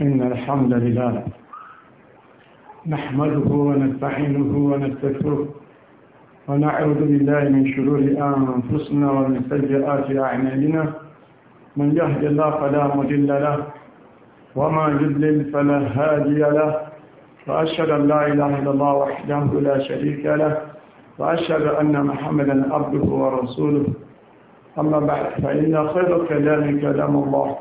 إن الحمد لله نحمده ونستعينه ونستغفره ونعوذ بالله من شرور أنفسنا ومن سيئات أعمالنا من يهد الله فلا مضل له وما يضلل فلا هادي له وأشهد أن لا إله إلا الله وحده لا شريك له وأشهد أن محمدا عبده ورسوله أما بعد فإن خير كلام كلام الله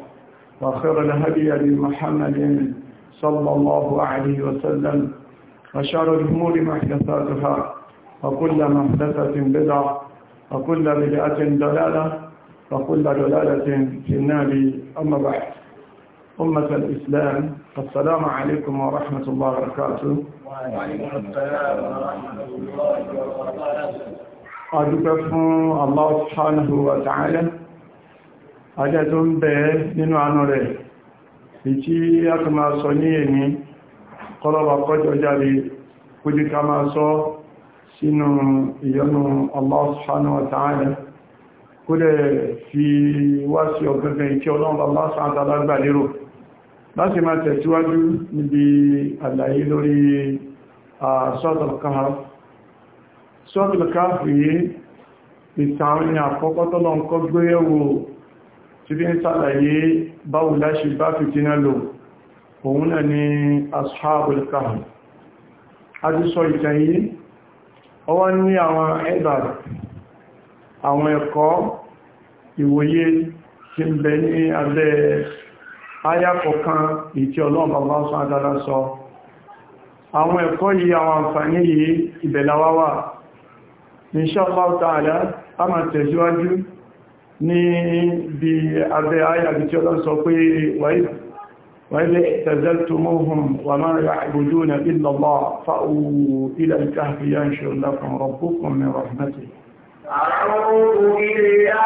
وخير الهدي لمحمد صلى الله عليه وسلم وشار الأمور محدثاتها وكل محدثة بدعة وكل بدعة دلالة وكل دلالة في النار أما بعد أمة الإسلام السلام عليكم ورحمة الله وبركاته وعليكم السلام ورحمة الله وبركاته أدوك الله سبحانه وتعالى ajẹ́ tó ń bẹ nínú àánú rẹ̀ ìtí a tó máa sọ ní èní kọlọ́wà kọjọ jáde kújí ká máa sọ sínú ìyọnu Allah subhanahu wa ta'ala kúrẹ̀ fi wá sí ọ̀gbẹ̀gbẹ̀ ìtí ọlọ́run Allah subhanahu wa ta'ala gbà lérò láti máa ìtàwọn ni àkọ́kọ́ tọ́lọ́ ń kọ́ gbéyẹ̀wò tí bí ń sàlàyé báwo láṣe bá fìtínà lò òun náà ni ashabul kahf a ti sọ ìtàn yìí ọwọ́ ní àwọn ẹ̀bàd àwọn ẹ̀kọ́ ìwòye tí ń bẹ ní abẹ́ ayakọ̀kan ìtí ọlọ́ọ̀bàbá sọ adára sọ àwọn ẹ̀kọ́ yìí àwọn àǹfààní yìí ìbẹ̀láwáwà insha Allah ta'ala a máa tẹ̀síwájú ní bí abẹ́ ayàbí tí ọlọ́run sọ pé wàílẹ̀ tẹ̀zẹ́tùmọ́hùn wà máa yà àgbòjú na ìlọ́lọ́ fa'ú ilẹ̀ ìkáfíyàn ṣe lọ́kùn rọ̀bùkùn mẹ́rọ̀ mẹ́tì. Àwọn orílẹ̀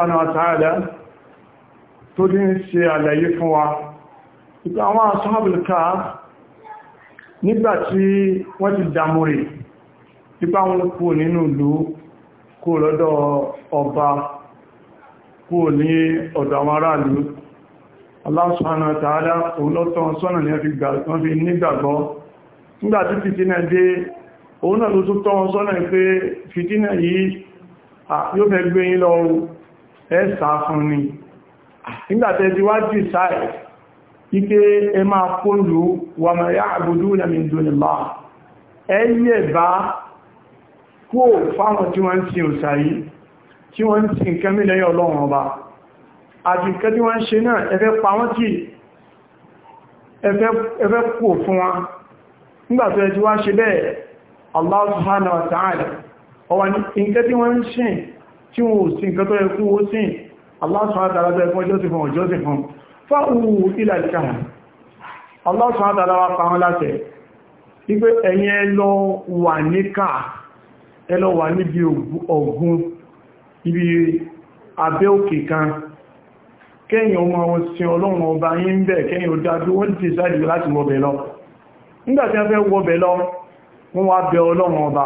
subhanahu wa ta'ala tó dín ṣe àlàyé fún wa ìpé àwọn ashabul kahf nígbàtí wọ́n ti dàmú rẹ̀ ìpé àwọn kú nínú ìlú kú lọ́dọ̀ ọba kú ní ọ̀dọ̀ àwọn aráàlú Allah subhanahu wa ta'ala òun lọ́tọ̀ sọ́nà ní ẹfi nígbàgbọ́ ẹ̀sà fún ni nígbàtẹ́ ti wá jù ike ẹ máa kóòlù wà máa yá àgbòdó min dunillah ẹ̀yẹ bá kó fáwọn tí wọ́n ti òsà tí wọ́n ti nǹkan ọlọ́run ọba àti tí wọ́n ṣe náà ẹfẹ́ pa wọ́n ti tí wọ́n sí nǹkan tó ẹkún ó sí Allah subhanahu wa ta'ala ẹkún ọjọ́ sí fún ọjọ́ sí fún fáwù ilẹ̀ Allah subhanahu wa ta'ala wá pa wọn láti wípé ẹ̀yin ẹ lọ wà níkà ẹ lọ wà níbi ọ̀gùn ibi abẹ́ òkè kan kẹ́yìn ọmọ wọn sin ọlọ́run ọba yí ń bẹ̀ kẹ́yìn òdájú wọ́n ti sáàdì láti wọ́bẹ̀ lọ nígbàtí a fẹ́ wọ́bẹ̀ lọ wọ́n wá bẹ ọlọ́run ọba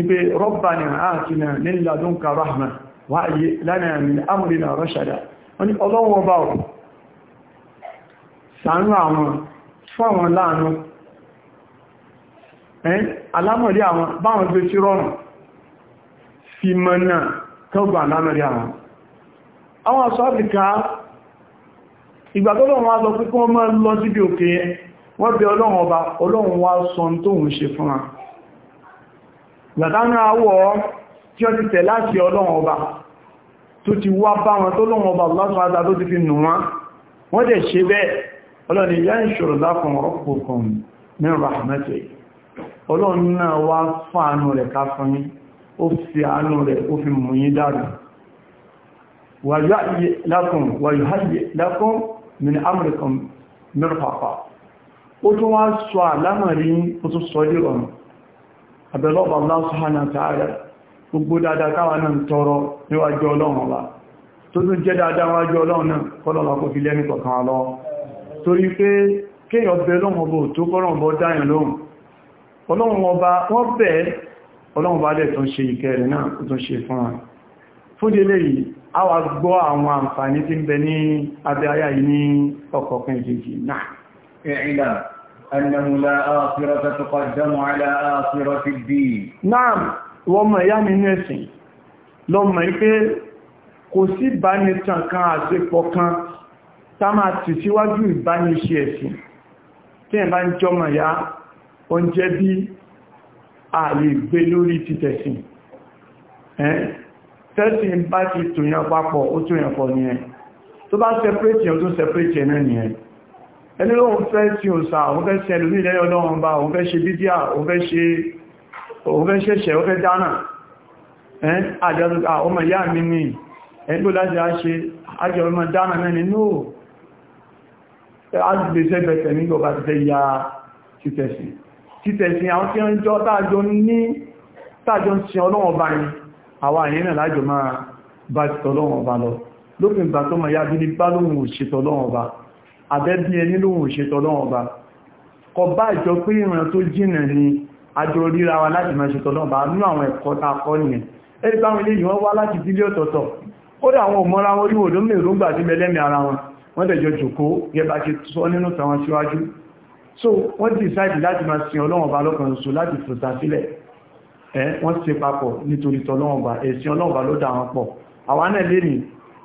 pípé rọ́bàní àtìnà nílà lóǹkà rahma wà rọ́ṣàdá wọ́n ni ọlọ́wọ́ bá ọ̀ sàánú àwọn fún àwọn láàánú ẹ́n alámọ̀rí àwọn báwọn gbé tí rọrùn fi mọ́ náà tọ́gbà alámọ̀rí àwọn àwọn gbàdánà àwọ̀ tí ó ti tẹ̀ láti ọlọ́run ọba tó ti wá bá wọn tó lọ́run ọba lọ́sọ́dá tó ti fi nù wọn wọ́n dẹ̀ ṣe bẹ́ẹ̀ ọlọ́ni yá ìṣòro lákùn ọkùnkùn ní rahmatu ọlọ́run náà wá fún àbẹ̀lọ́pàá Allah subhanahu wa ta'ala gbogbo dáadáa káwà náà tọrọ níwájú ọlọ́run ọba tó tún jẹ́ dáadáa wájú ọlọ́run náà kọ́lọ́lá kò fi lẹ́nu kọ̀kan lọ torí pé kéèyàn bẹ lọ́run ọba tó kọ́rọ̀ ọba dáyàn lóhun ọlọ́run ọba wọ́n bẹ̀ ọlọ́run ọba dẹ̀ tó ṣe ìkẹrẹ náà kò أنه لا آخرة تقدم على آخرة الدين نعم وما يعني نسي لما يقول kò sí ìbánitàn kan àṣepọ̀ kan tá máa tì síwájú ìbániṣẹ́ ẹ̀sìn tí ẹ̀ bá ń jọmọ̀ ya oúnjẹ bí a lè gbé lórí títẹ̀sìn tẹ́sìn bá ti tòyàn papọ̀ ó tòyàn pọ̀ nìyẹn tó bá separate yẹn tó separate yẹn náà nìyẹn ẹni lóhun fẹ́ sí òsà òun fẹ́ sí ẹlùmí lẹ́yìn ọlọ́run bá òun fẹ́ ṣe bídíà òun fẹ́ ṣẹ̀ṣẹ̀ òun fẹ́ dáná àjọ́sùká ọmọ ìyá mi ní ẹgbò láti ṣe ajọ́ ọmọ dáná mẹ́rin ní ó agbèsẹ́ bẹ̀tẹ̀ ní ọba ti ya títẹ̀sí títẹ̀sí àwọn tí ń jọ tájọ ní tájọ sí ọlọ́run bá ní àwọn àyẹ́ náà lájọ máa bá ti tọ́lọ́run ọba lọ lópin ìgbà tó mọ̀ yá bí ní bá lóhun òṣètọ́lọ́run ọba àbẹ́bí ẹni lóhun ìṣètọ́lọ́wọ́ ọba kọ bá ìjọ pé ìran tó jìnà ni àjọ ríra wa láti máa ṣètọ́lọ́wọ́ ọba nú àwọn ẹ̀kọ́ ta kọ́ nìyẹn ẹni báwọn ilé ìwọ́n wá láti dílé ọ̀tọ̀ọ̀tọ̀ kódà àwọn òmọ́ra wọn ríwò ló mèrò gbà sí mẹ́lẹ́mì ara wọn wọ́n tẹ̀jọ jòkó gẹba ti sọ nínú tàwọn síwájú so wọ́n dìsáìdì láti máa sin ọlọ́run ọba lọ́kàn ṣoṣo láti fòta sílẹ̀ ẹ́ wọ́n ṣe papọ̀ nítorí tọ́lọ́run ọba ẹ̀sìn ọlọ́run ọba ló dà wọn pọ̀ àwa náà lè nìí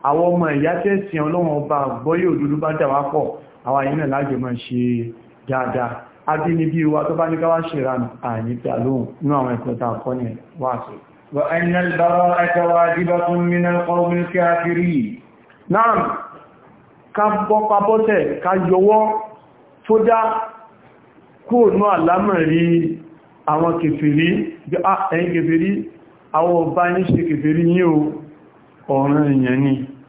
àwọn ọmọ ìyá tẹ́sìn ọlọ́wọ́n ọba àgbọ́yé òdúdú bá dà wá pọ̀ àwọn àyín náà lájọ máa ṣe dáadáa abínibí wa tó bá ní káwá ṣe ìranù àyí tí a lóhun ní àwọn ẹ̀kọ́ta àkọ́ni wà sí وأن البراءة واجبة من القوم الكافرين نعم ká bọ́ àwọn kèfèrí bí a ah, ẹ̀yìn kèfèrí àwọn ọba ní ṣe kèfèrí ní ọ̀ràn èèyàn ni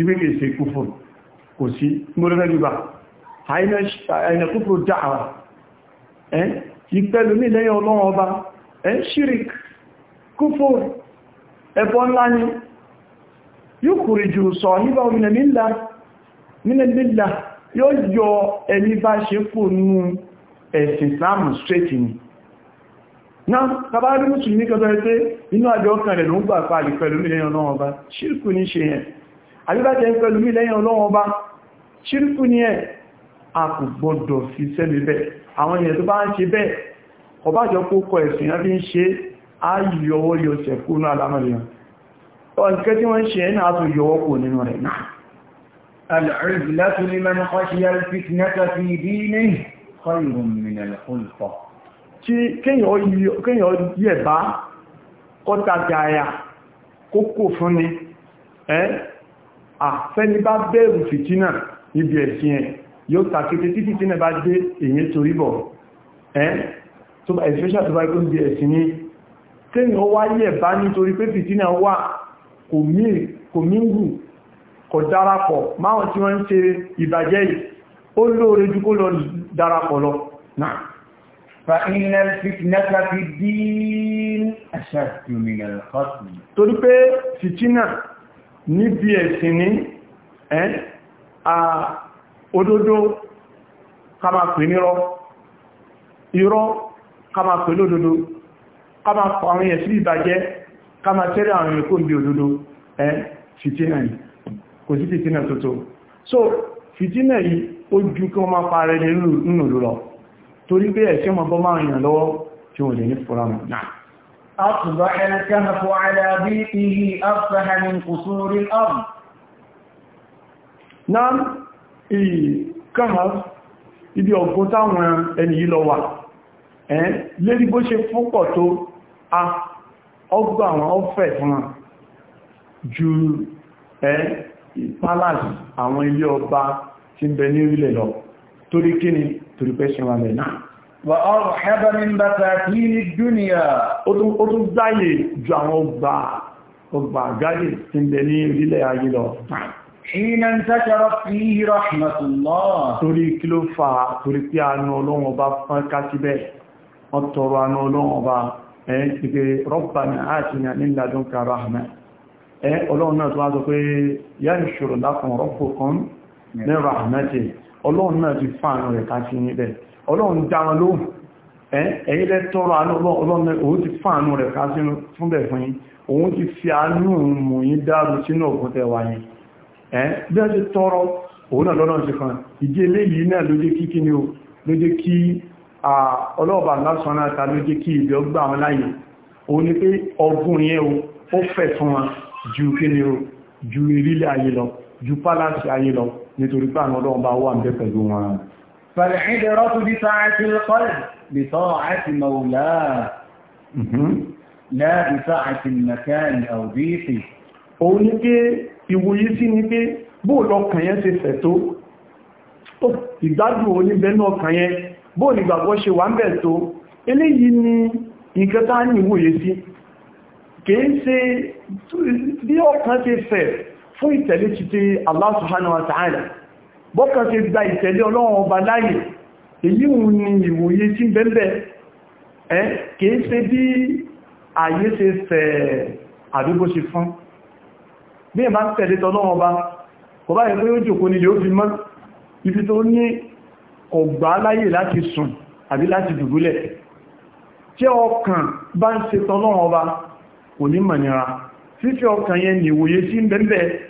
ibi lè ṣe kúfù kò sí mọ́rẹ́lẹ́gbà àìnà kúfù dáàwà ẹ́ ìpẹ́lú ní lẹ́yìn ọlọ́run ọba ẹ́ ṣírík kúfù ẹbọ ńlá ni yóò kùrì jù sọ nígbà òmìnà mílà yóò yọ ẹni bá ṣe kò nú ẹ̀sìn Islam straight ni náà tàbí mùsùlùmí kẹta ẹgbẹ́ inú àjọ ọkàn rẹ̀ ló ń gbà pàlì pẹ̀lú ilẹ̀ ọ̀nà ọba ṣírkù ní ṣe yẹn àbíbájẹ́ ń pẹ̀lú mí lẹ́yìn ọlọ́run ọba ṣírùkù ní ẹ̀ a kò gbọdọ̀ fi sẹ́lì bẹ́ẹ̀ àwọn èèyàn tó bá ń ṣe bẹ́ẹ̀ ọbájọ́ kó kọ ẹ̀sùn yá ń ṣe ayọwọ́ yọsẹ̀ kúrú alámọ̀lẹ́yàn لمن خشي الفتنة في دينه من الخلطة tí kéèyàn yẹ̀bá kọ́tàgbà kókò fún ni ẹ́ àfẹ́ni ah, bá bẹ̀rù fìtínà níbi ẹ̀sìn ẹ̀ yóò tàkété tí fìtínà bá dé èyí torí bọ̀ ẹ́ tó bá ẹ̀sẹ̀ṣà tó bá ikú níbi ẹ̀sìn ní kéèyàn wá yẹ̀ bá nítorí pé fìtínà wà kò míngù kò darapọ̀ máwọn tí wọ́n ń ṣe ìbàjẹ́ yìí ó lóore jù kó lọ darapọ̀ lọ torí pé fìtínà níbi ẹ̀sì ní ẹ́ òdodo kama pè nírọ́ irọ́ kama pè lódodo kama àwọn èèyàn ìbàjẹ́ kama àwọn èèyàn kó ń ẹ́ fìtínà yìí kò sí fìtínà tuntun so fìtínà yìí ó ju kí wọ́n máa parẹ́ nínú lọ torí bọ́ máa lọ́wọ́ tí wọ́n lè ní fọ́ra náà أصبح الكهف على بيته أفه من قصور الأرض نعم الكهف ibi ọ̀gbọ́n táwọn ẹni yìí lọ wà ẹ́n lérí bó ṣe púpọ̀ tó a ọgbà àwọn ọ̀fẹ́ fún wọn ju ẹ́ palace àwọn ilé ọba tí ń bẹ ní orílẹ̀ lọ torí kíni torí ṣe wà náà wà ọrọ̀ ẹbẹ́ mi ń bàtà kí ní dúnìyà ó tún dáyé ju àwọn ọgbà ọgbà gáyé tí ń bẹ ní orílẹ̀ ayé lọ ìrìnà ń tẹ́kẹ̀rọ fi hìrọ̀ rahmatullah torí kí ló fà torí pé àánú ọlọ́run ọba fún kásíbẹ̀ wọ́n tọrọ àánú ọlọ́run ọba ọlọ́run já wọn lóhùn ẹ̀yin lẹ́ tọrọ àánú ọlọ́run òun ti fàánú rẹ̀ ká sínú fúnbẹ̀ fún yín òun ti fi àánú mú yín dáàrù sínú òkun tẹwà yẹn bí wọ́n ti tọrọ òun náà lọ́nà ti kan ìdí eléyìí náà ló jẹ́ kí kí ni o ló jẹ́ kí ọlọ́ọ̀bà lásán náà ta ló jẹ́ kí ìbẹ̀ ọgbà wọn láyè òun ni pé ọgbùn yẹn o ó fẹ̀ fún wọn ju kí ni o ju ìrílẹ̀ ayé lọ ju pálásì ayé lọ nítorí pé àwọn ọlọ́ọ̀bà wà فالعبرة بطاعة القلب بطاعة مولاه لا بطاعة المكان أو ضيقه òun ní pé ìwòye sí ni pé bóò lọ́kàn yẹn ṣe fẹ̀ tó ìgbádùn oníbẹ̀ẹ́nà ọkàn yẹn bóò ní ṣe wà ń bẹ̀ tó eléyìí ni nǹkan ní ìwòye sí kìí ṣe bí ọkàn ṣe fẹ̀ fún ìtẹ̀lé ti Allah subhanahu bọ́kàn ṣe gba ìtẹ̀lé ọlọ́run ọba láyè èyí òun ni ìwòye tí ń bẹ́ẹ̀bẹ̀ ẹ́ kìí ṣe bí ààyè ṣe fẹ̀ àdúgbò ṣe fún bí ẹ̀bá tẹ̀lé tọ́lọ́run ọba kò bá ẹgbẹ́ yóò jòkó nílé ó fi mọ́ ibi tó ní ọgbà láyè láti sùn àbí láti dùbúlẹ̀ tí ọkàn bá ń ṣe tọ́lọ́run ọba kò ní mọ̀nira fífi ọkàn yẹn ni ìwòye tí ń bẹ́ẹ̀bẹ̀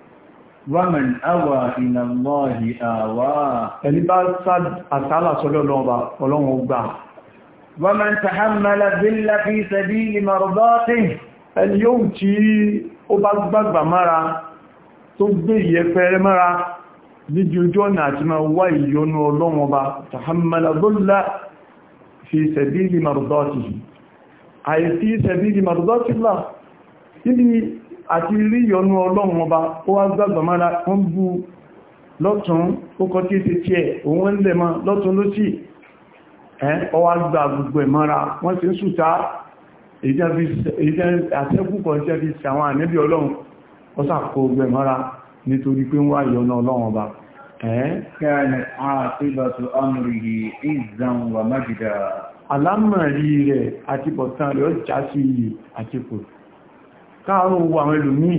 Wàmàn àwà ìnàmọ́hì àwà. Ẹni bá àtàlà sọ́dọ̀ lọ́wọ́ ọlọ́run gbà. Wàmàn tàhámàlà bílá fi sẹ̀bí ìmọ̀rọ̀dọ́tí. Ẹni yóò tí ó bá gbàgbà mára tó gbé ìyẹ́fẹ́rẹ́ mára ní ojú ọ̀nà àti máa wá ìyọnú ọlọ́run ọba tàhámàlà bílá fi sẹ̀bí ìmọ̀rọ̀dọ́tí àti rí ìyọnú ọlọ́run ọba ó wá gbàgbà mára wọ́n bú lọ́tún ó kọ́ tí ti tí ẹ̀ òun ń lẹ̀ mọ́ lọ́tún ló sì ọwá gbà gbogbo ẹ̀ mọ́ra wọ́n ti ń sùta àtẹ́kùkọ̀ iṣẹ́ fi sàwọn ànẹ́bí ọlọ́run ó sàkó gbẹ̀ mọ́ra nítorí pé ń wá ìyọnú ọlọ́run ọba Alámọ̀rí rẹ̀ àti bọ̀tán rẹ̀ ó já àti kòtò káàrùn owó àwọn ẹlòmíì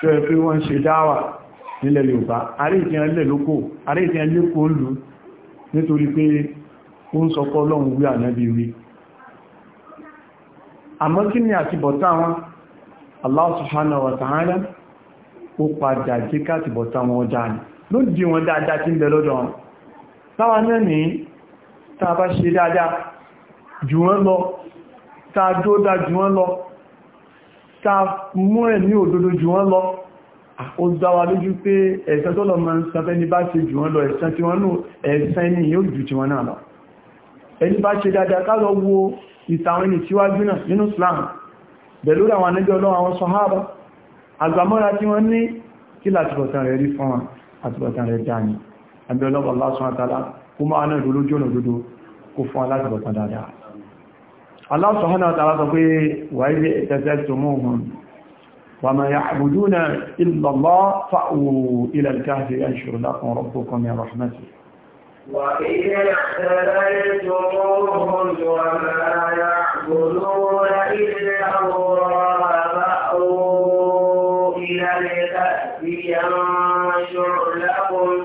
tó ẹ pé wọ́n ṣe dáwà nílẹ̀ Yorùbá àrí ìtìyàn lẹ̀ lókò àrí ìtìyàn wọn wa ta'ala ó padà jẹ́ káàtì bọ̀tá wọn dáni ló dí wọn dáadáa tí ń bẹ lọ́dọ̀ wọn táwa náà ní tàbá ṣe dáadáa jù wọ́n lọ tàà jù wọ́n lọ ká mú ẹ̀ ní òdodo jù wọ́n lọ ó dáwà lójú pé ẹ̀san tó lọ ma ń sanfẹ́ ní bá ṣe jù wọ́n lọ ẹ̀san tí wọ́n nù ẹ̀san ní yóò jù tí wọ́n náà lọ ẹni bá ṣe dáadáa ká lọ wo ìtàwọn ẹni tíwájú náà nínú Islam pẹ̀lú àwọn anẹ́jọ́ ọlọ́run àwọn sọ̀hábà tí wọ́n الله سبحانه وتعالى تقول وإذ اعتزلتموهم وما يعبدون إلا الله فأووا إلى الكهف ينشر لكم ربكم من رحمته وإذ اعتزلتموهم وما يعبدون إلا الله فأووا إلى الكهف أنشر لكم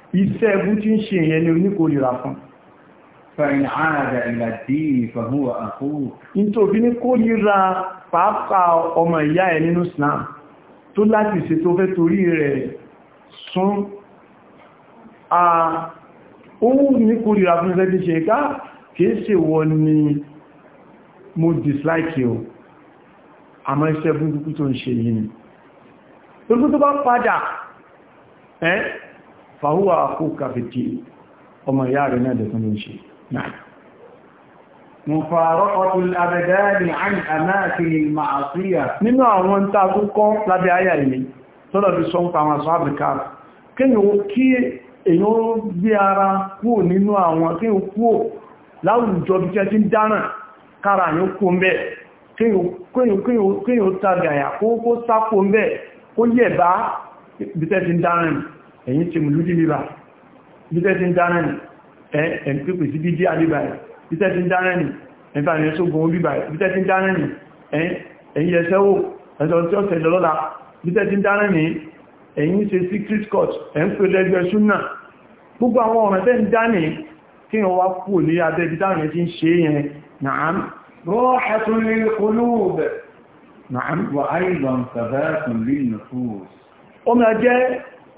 iṣẹ́ ẹgbú tí ń ṣe èyàn ní oníkòrìra fún fẹ̀yìn ààrẹ ìlàdí ìfẹ̀húnwà àkóhù in tó bí ní kòrìra pàápàá a ohun ní kòrìra fún ṣẹ́ ṣe ni mo dislike o àmọ́ iṣẹ́ burúkú tó ń ṣe yìí ni tó bá padà ẹ́ fàhúwà kú kàfìtì ọmọ ìyá rẹ̀ náà dẹ̀kún ní ṣe náà mùfàrọ́kọ̀tún abẹ̀dáàdì àn àmáàkiri màásíyà nínú àwọn ń ta kúkọ́ lábẹ́ àyà ilé tọ́lọ̀ bí sọ ń pa àwọn aṣọ àbìká kí èyàn gbé ara kúò nínú àwọn kí o kúò láwùjọ bí kẹ́ tí ń kó kó sápò ń bẹ́ kó yẹ̀ bá bí kẹ́ tí ń dáràn ẹ̀yìn ti mùlúdí bíbá bíṣẹ́ ti ń dáná nì ẹ̀ ń pípè sí bídí àbíbá ẹ̀ bíṣẹ́ ti ń dáná nì ẹ̀fà ìyẹn sógun bíbá ẹ̀ bíṣẹ́ ti ń dáná nì ẹ̀yìn ẹ̀ṣẹ́wò ẹ̀sọ̀ tí ó tẹ̀lẹ̀ lọ́la bíṣẹ́ ti ń dáná nì ẹ̀yìn ṣe secret court ẹ̀ ń pè lẹ́gbẹ́ súnà gbogbo àwọn ọ̀rọ̀ tẹ́ ń dáná kí wọ́n wá kú ní abẹ́ ibi táwọn ti ń ṣe yẹn nàám rọ́ọ̀ṣẹ́tún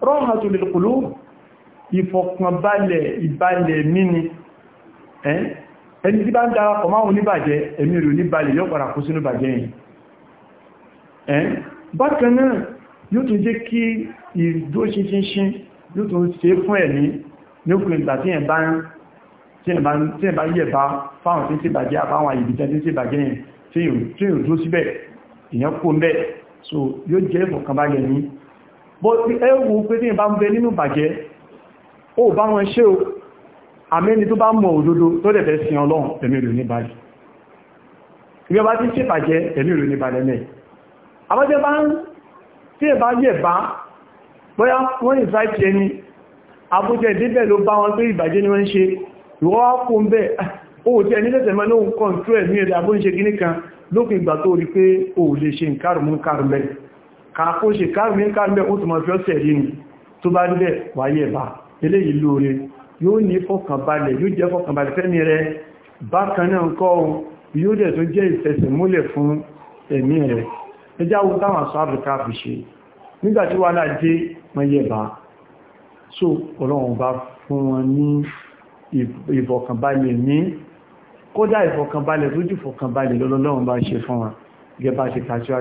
rọ́hàtò lè kùlú ìfọ̀kànbalẹ̀ ìbalẹ̀ míni ẹni tí bá ń darapọ̀ máa wọn níbàjẹ́ ẹ̀mí rò níbalẹ̀ yóò padà kó sínú bàjẹ́ yìí bákan náà yóò tún jẹ́ kí ìdóṣinṣinṣin yóò tún ṣe fún ẹ̀mí ní òkùn ìgbà tí ẹ̀ bá yẹ̀ bá fáwọn tí ń ṣe ìyẹn kó mẹ́ so yóò jẹ́ ìfọ̀kànbalẹ̀ ní bó ti ẹwù pé tí ìbá ń bẹ nínú bàjẹ́ ó bá wọn ṣe o àmẹ́ni tó bá mọ̀ òdodo tó dẹ̀fẹ́ sin ọlọ́run ẹ̀mí ìlú ní balẹ̀ ìgbé bá ti ṣe bàjẹ́ ẹ̀mí ìlú ní balẹ̀ mẹ́ àbájẹ́ bá ń tí ẹ̀bá yẹ̀ bá bóyá wọ́n ní sáìtì ẹni abújẹ́ ìdíbẹ̀ ló bá wọn pé ìbàjẹ́ ni wọ́n ṣe ìwọ́ kó ń bẹ́ ó ti ẹni tẹ̀tẹ̀ mọ́ lóhun kọ́ntú ẹ̀mí ẹ̀dà bó ń ṣe kíníkan lókè ìgbà tó rí pé ó lè ṣe nǹkarùn-ún kárùn-ún kàkó ṣe káàmì káàmì ó túnmọ̀ fi ọ́sẹ̀ rí ni tó bá rí bẹ́ wáyé ẹ̀bá eléyìí lóore yóò ní fọkànbalẹ̀ yóò jẹ́ fọkànbalẹ̀ fẹ́mi rẹ bákan náà kọ́ yóò dẹ̀ tó jẹ́ ìfẹsẹ̀múlẹ̀ fún ẹ̀mí rẹ̀ ẹjá wo táwọn sọ áfíríkà fi ṣe nígbà tí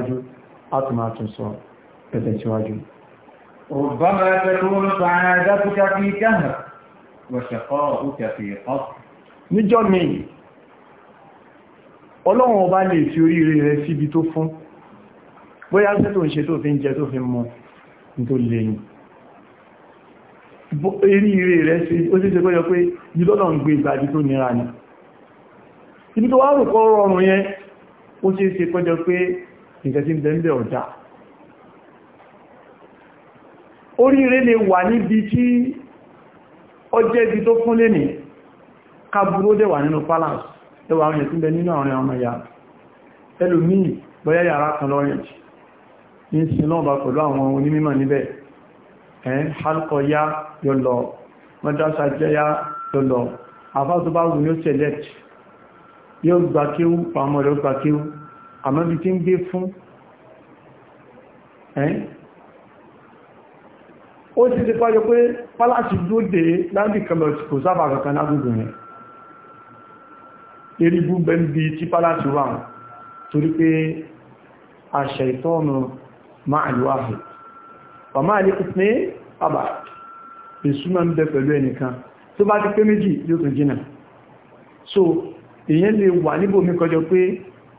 أطمعت صور بتتواجه ربما تكون سعادتك في كهر وشقاؤك في قصر níjọ́ mi ọlọ́run ọba lè fi oríire rẹ̀ síbi tó fún bóyá ṣe tó ń ṣe tó fi ń jẹ tó fi mọ́ tó lè ní oríire rẹ̀ ó sì ṣe pé yọ pé ìlọ́nà ń gbé ìgbàjú tó nira ni ibi tó wá rùkọ́ rọrùn yẹn ó sì ṣe pẹ́jọ pé nǹkan tí ń bẹ̀m̀bẹ̀ ọ̀dá oríire lè wà níbi tí ó ibi tó fún lè ní kábúrú ó nínú palace ẹwà àwọn ìyẹ̀tún bẹ nínú àwọn ọmọ ìyá ẹlòmíì bọ́yá yàrá kan lọ́rẹ̀jì ní sinọ́ọ̀bá pẹ̀lú àwọn onímọ̀ níbẹ̀ ẹ̀ẹ́n yá yọlọ àmọ́ bí tí ń gbé fún ẹ́n ó ti ti pàjọ pé pálásì lóde láti kẹlọ kò sábà kankan lágbègbè rẹ̀ erigbú bẹ́ndì tí pálásì wà torí pé àṣẹ ìtọ́nù máa lò áhẹ̀ pàmá ní ìpín àbà ìsúná ń bẹ pẹ̀lú ẹnìkan tó bá ti pé méjì yóò tún jìnà so èyàn lè wà níbòmí kọjọ pé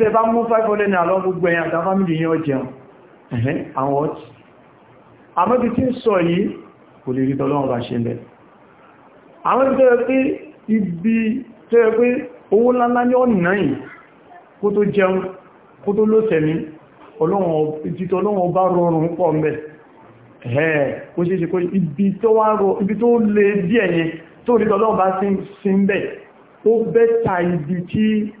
tẹ bá mú 500 ní àlọ́ gbogbo ẹ̀yà àtà fámílì yẹn ọjẹun ẹ̀hẹ́ àwọn ọ̀tí àmọ́bí tí ń sọ yìí kò lè rí tọ́lọ́wọ́n bá ṣe mẹ́ àwọn ibi tẹ́rẹ pé ibi tẹ́rẹ pé owó lánlá ní ọ̀nà yìí kó tó jẹun kó tó lóṣẹ̀mí ọlọ́wọ́n bá rọrùn pọ̀ mẹ́ ẹ̀hẹ́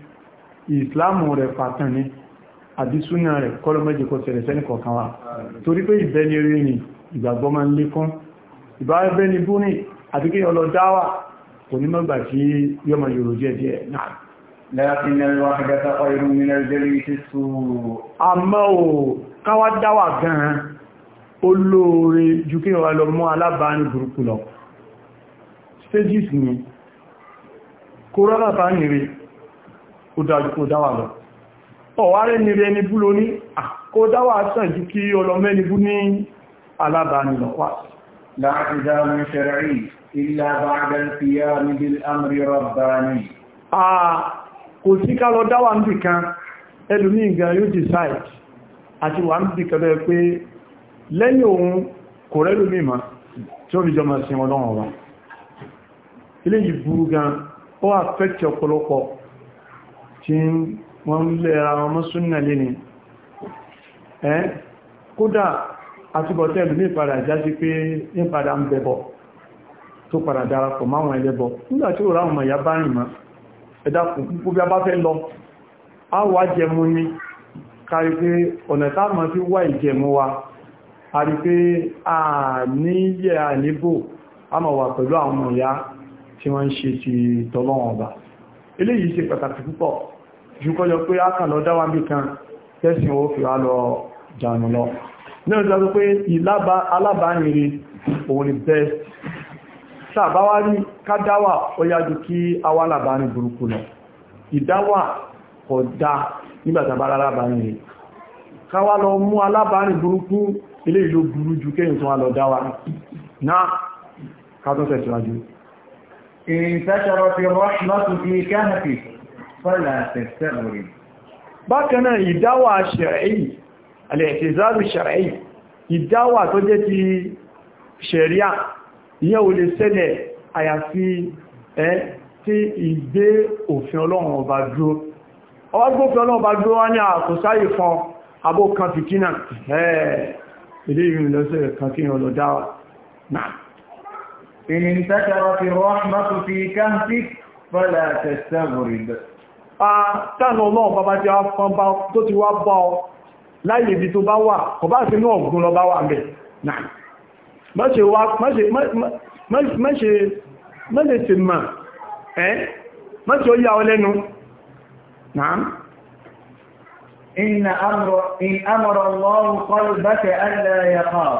ìsìláàmù rẹ̀ fàtàn ni àbí súnà rẹ̀ kọ́lọ́mẹ́jì kọ́ tẹ̀lẹ̀ sẹ́nì kọ̀ọ̀kan wa torí pé ìbẹ́ni ni ìgbàgbọ́ máa ń lékún ìbábẹ́ni bú ní àti kí ọlọ dáwà kò ní mọ́gbà tí yọmọ yòrò jẹ́ díẹ̀ náà لكن الوحدة خير من الجري في السوء àmọ́ o ká wá dáwà gan-an ó lóore ni kòrónà bá ó dájú kó dáwà lọ ọ̀wárẹ́ ni rẹ ní búlò ní àkó dáwà sàn jù kí ọlọ́mẹ́ ní bú ní alábàání lọ wà láàrín ṣẹ̀rẹ̀ ìlà bàdà fìyà níbi amri rabbani kò sí ká lọ dáwà níbì kan ẹlùmí kò rẹ́lùmí ma tí ó fi jọ máa sin ọlọ́run wa ilé yìí burú tí wọ́n lè wọn mọ́ súnnà lè ní ẹ́ kódà àtúbọ̀tẹ́lù ní ìpadà jásí pé ní padà ń bẹ̀bọ̀ tó padà darapọ̀ máwọn ẹlẹ́bọ̀ nígbàtí ò ráwọn mọ̀yá bá rìn mọ́ ẹ̀dàkùn a bá fẹ́ lọ a a eléyìí ṣe pàtàkì púpọ̀ jùkọ́jọ pé a dáwà bí kan tẹ́sìn ó fi wá lọ lọ náà jọ pé alábáyìnrí òun ni best sàbáwá rí kádáwà ó yájú kí awálàbáyìn burúkú lọ ìdáwà kò dá nígbàtàbá alábáyìnrí ju انتشرت الرحمة في كهفه فلا تستغرب بكنا يدوى الشرعي الاعتزاز الشرعي يدوى تجتي شريع يولي سنة àyàfi ẹ́ tí ìgbé òfin ọlọ́run ọba dúró ọwá gbófin ọlọ́run ọba dúró wá ní àkòsáyì fún abó kan fìtínà ẹ̀ẹ́ ilé ìrìn lọ́sẹ̀ kan kí ọlọ́dáwà náà إن انتشرت الرحمة في كهفك فلا تستغرب táàrùn ọlọ́run bàbá ti wá fún bá tó ti wá bá ọ láyé ibi tó bá wà kò bá sí ní ọ̀gbùn lọ bá wà mẹ́ náà mẹ́ṣe ṣe mà ẹ́ mẹ́ṣe ó yá ọ lẹ́nu náà إن أمر الله قلبك ألا يخاف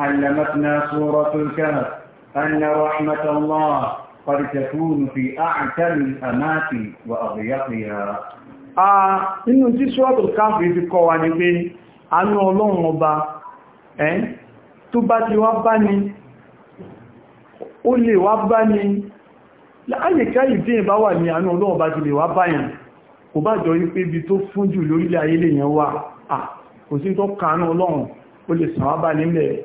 علمتنا سورة الكهف أن رحمة الله قد تكون في أعتم الأمات وأضيقها nínú tí ṣúwọ́tò káàkiri في kọ́ wa ní مبا، àánú ọlọ́run ọba وابني، tó bá ti wá bá ní ó lè wá bá ní láàyèká ìdí ìbá wà ní àánú ọlọ́run ọba ti lè wá báyàn kò bá jọ wípé ibi tó fún jù lórílẹ̀ ayé lèyàn wà kò sí tó kàánú ọlọ́run ó lè sàn nílẹ̀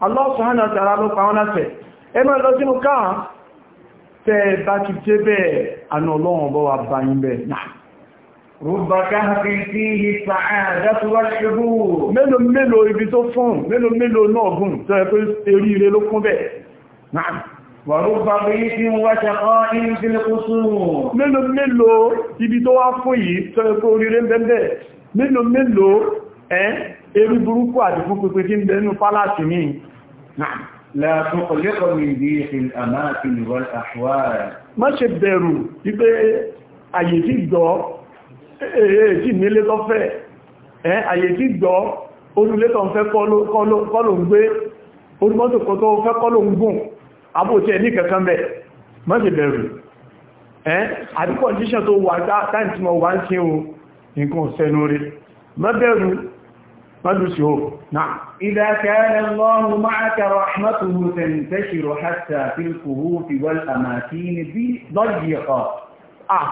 Allah subhanahu wa ta'ala ló pa wọ́n láṣẹ ẹ máa lọ sínú káà tẹ́ bá ti jẹ́ bẹ́ẹ̀ àna ọlọ́run bọ́ wa bá yín bẹ́ẹ̀ náà rúbà káàkiri sí ìfà àdásúwá ṣubú mélòó mélòó ibi tó fún mélòó mélòó náà gùn tó ẹ pé erí ire ló kún bẹ́ẹ̀ náà wà rúbà bí i fi ń wáṣà kan ní ìpínlẹ̀ kúsù mélòó mélòó ibi tó wá fún yìí tó ẹ erí burúkú àti fún pípé tí ń bẹ nínú pálásì ní láàtún ọlẹ́kọ̀ọ́ ìdí ìfẹ́ àmá àti ìwọ̀n àṣùwà rẹ̀. má ṣe bẹ̀rù wípé àyè tí gbọ́ èèyàn tí nílé lọ́fẹ́ ẹ̀ àyè tí gbọ́ olùlétọ̀ ń fẹ́ kọ́lò ń gbé olùmọ́tò kọ́ tó fẹ́ kọ́lò ń gùn abóòtí فادسه نعم إذا كان الله معك رحمته تنتشر حتى في الكهوف والأماكن ذي ضيقة آه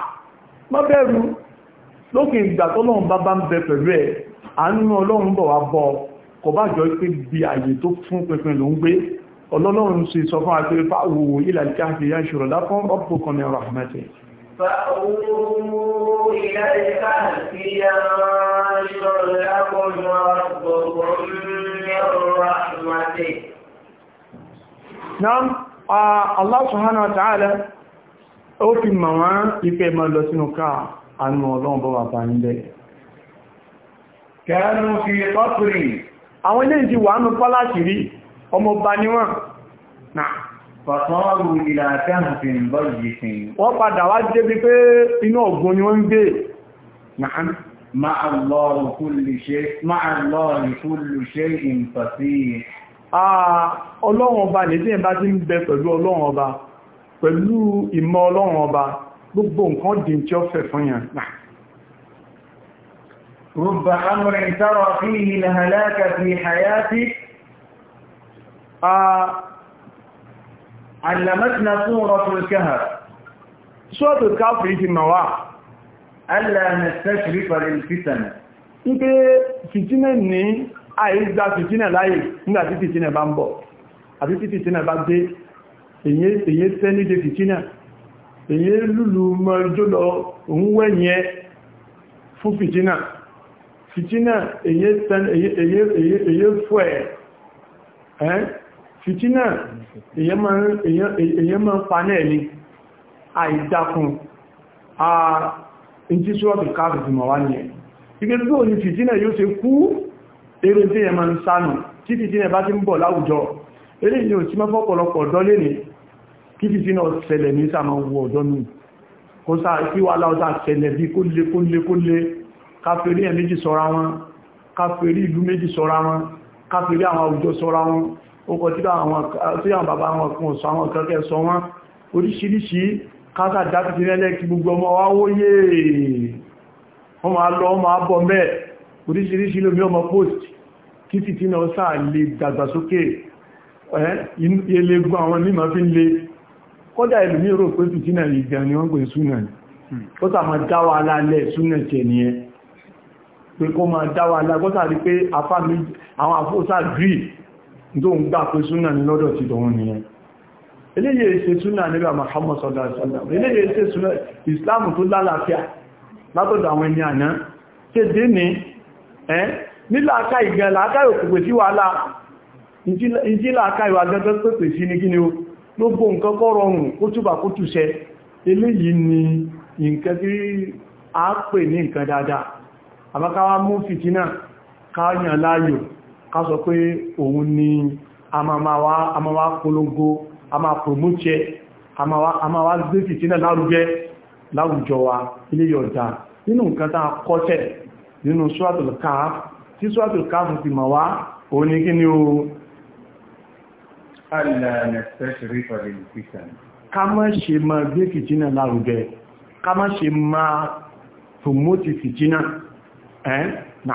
má bẹ̀rù lókè ìgbà tọ́lọ́run bá bá ń bẹ pẹ̀lú ẹ̀ àánú ọlọ́run bọ̀ wá bọ́ kò bá فأووا ya Allah subhanahu wa ta'ala ó fi mọ̀ wọ́n ipé mọ́ lọ sínú káà anú ọlọ́run bọ́ bàbá ń bẹ́. Kẹ́ẹ̀nù fi tọ́kùnrin. Àwọn ilé ìjì ọmọ Fàtọ́rù ìlà kẹ́hùn Wọ́n padà wá jẹ́ bí pé inú ọ̀gbọ́n ni wọ́n ń gbé. Máa lọ́rùn kúlù ṣe ìfàsí. Ọlọ́run ọba lè díẹ̀ bá ti ń bẹ pẹ̀lú ọlọ́run ọba, pẹ̀lú ìmọ̀ ọlọ́run ọba, gbogbo nǹkan dìn tí ó fẹ̀ fún yàn. Rúbà amúrin tọ́rọ fí ilẹ̀ علمتنا سورة الكهف سورة الكهف في النواة ألا نستشرف للفتن انت فتنة ني àìgbà fìtínà láyé nígbà tí fìtínà bá ń bọ̀ àti tí fìtínà bá dé èyí tẹ́ níje fìtínà èyí lùlù mọ́jú lọ òun wẹ́yẹ fún fìtínà fìtínà èyí fẹ́ fìtínà èyàn máa ń pa náà ní àìdákun ààrín tí ṣúwọ́pì káàkiri fi mọ̀ wá ní ẹ̀ ìgbé tó ní fìtínà yóò ṣe kú eré tí èyàn máa ń sánù tí fìtínà bá ti ń bọ̀ láwùjọ eré ni ò tí mọ́ fọ́pọ̀lọpọ̀ ọ̀dọ́ lẹ́nì kí fìtínà ṣẹlẹ̀ ní sáà máa wọ ọ̀dọ́ nù kó sáà kí wà láwùjọ ṣẹlẹ̀ bí kó ọkọ̀ tí àwọn bàbá wọn kún sọ àwọn kẹ́kẹ́ sọ wọ́n oríṣiríṣi káta dákì ti rẹ́lẹ́ kí gbogbo ọmọ wá wóyè wọ́n máa lọ wọ́n máa bọ̀ mẹ́ oríṣiríṣi lómi ọmọ post títí tí náà sáà le kọ́dà ìlúmí rò pé títí náà lè gbà ní wọ́n pè súnà ní ó tàà máa dáwà alálẹ̀ súnà tẹ̀ ní ẹ pé kó máa dáwà tó ń gbà pé súnà ní lọ́dọ̀ ti dọ̀wọ́n nìyẹn eléyè ṣe súnà nígbà Muhammad sallallahu alaihi wasallam eléyè súnà Islam tó lálàáfíà látọ̀dọ̀ àwọn ẹni àná ṣe dé ní ẹ́ níláàká ìgbẹ̀ láàká òkùnkùn sí wàhálà ìjíláàká ìwà gẹ́gẹ́ pẹ̀pẹ̀ sí ní gíní o lógbò nǹkan kọ́ ni nǹkan tí a pè ní nǹkan dáadáa a sọ pé òun ni a máa wá polongo a máa a máa wá gbé wa ilé yọ̀dá nínú nǹkan tá kọ́tẹ̀ nínú suratul tí suratul Kahf fi mọ̀ wá òun ni kí ni o ká má ṣe máa gbé fìtínà lárugẹ ká má ṣe máa promote fìtínà na.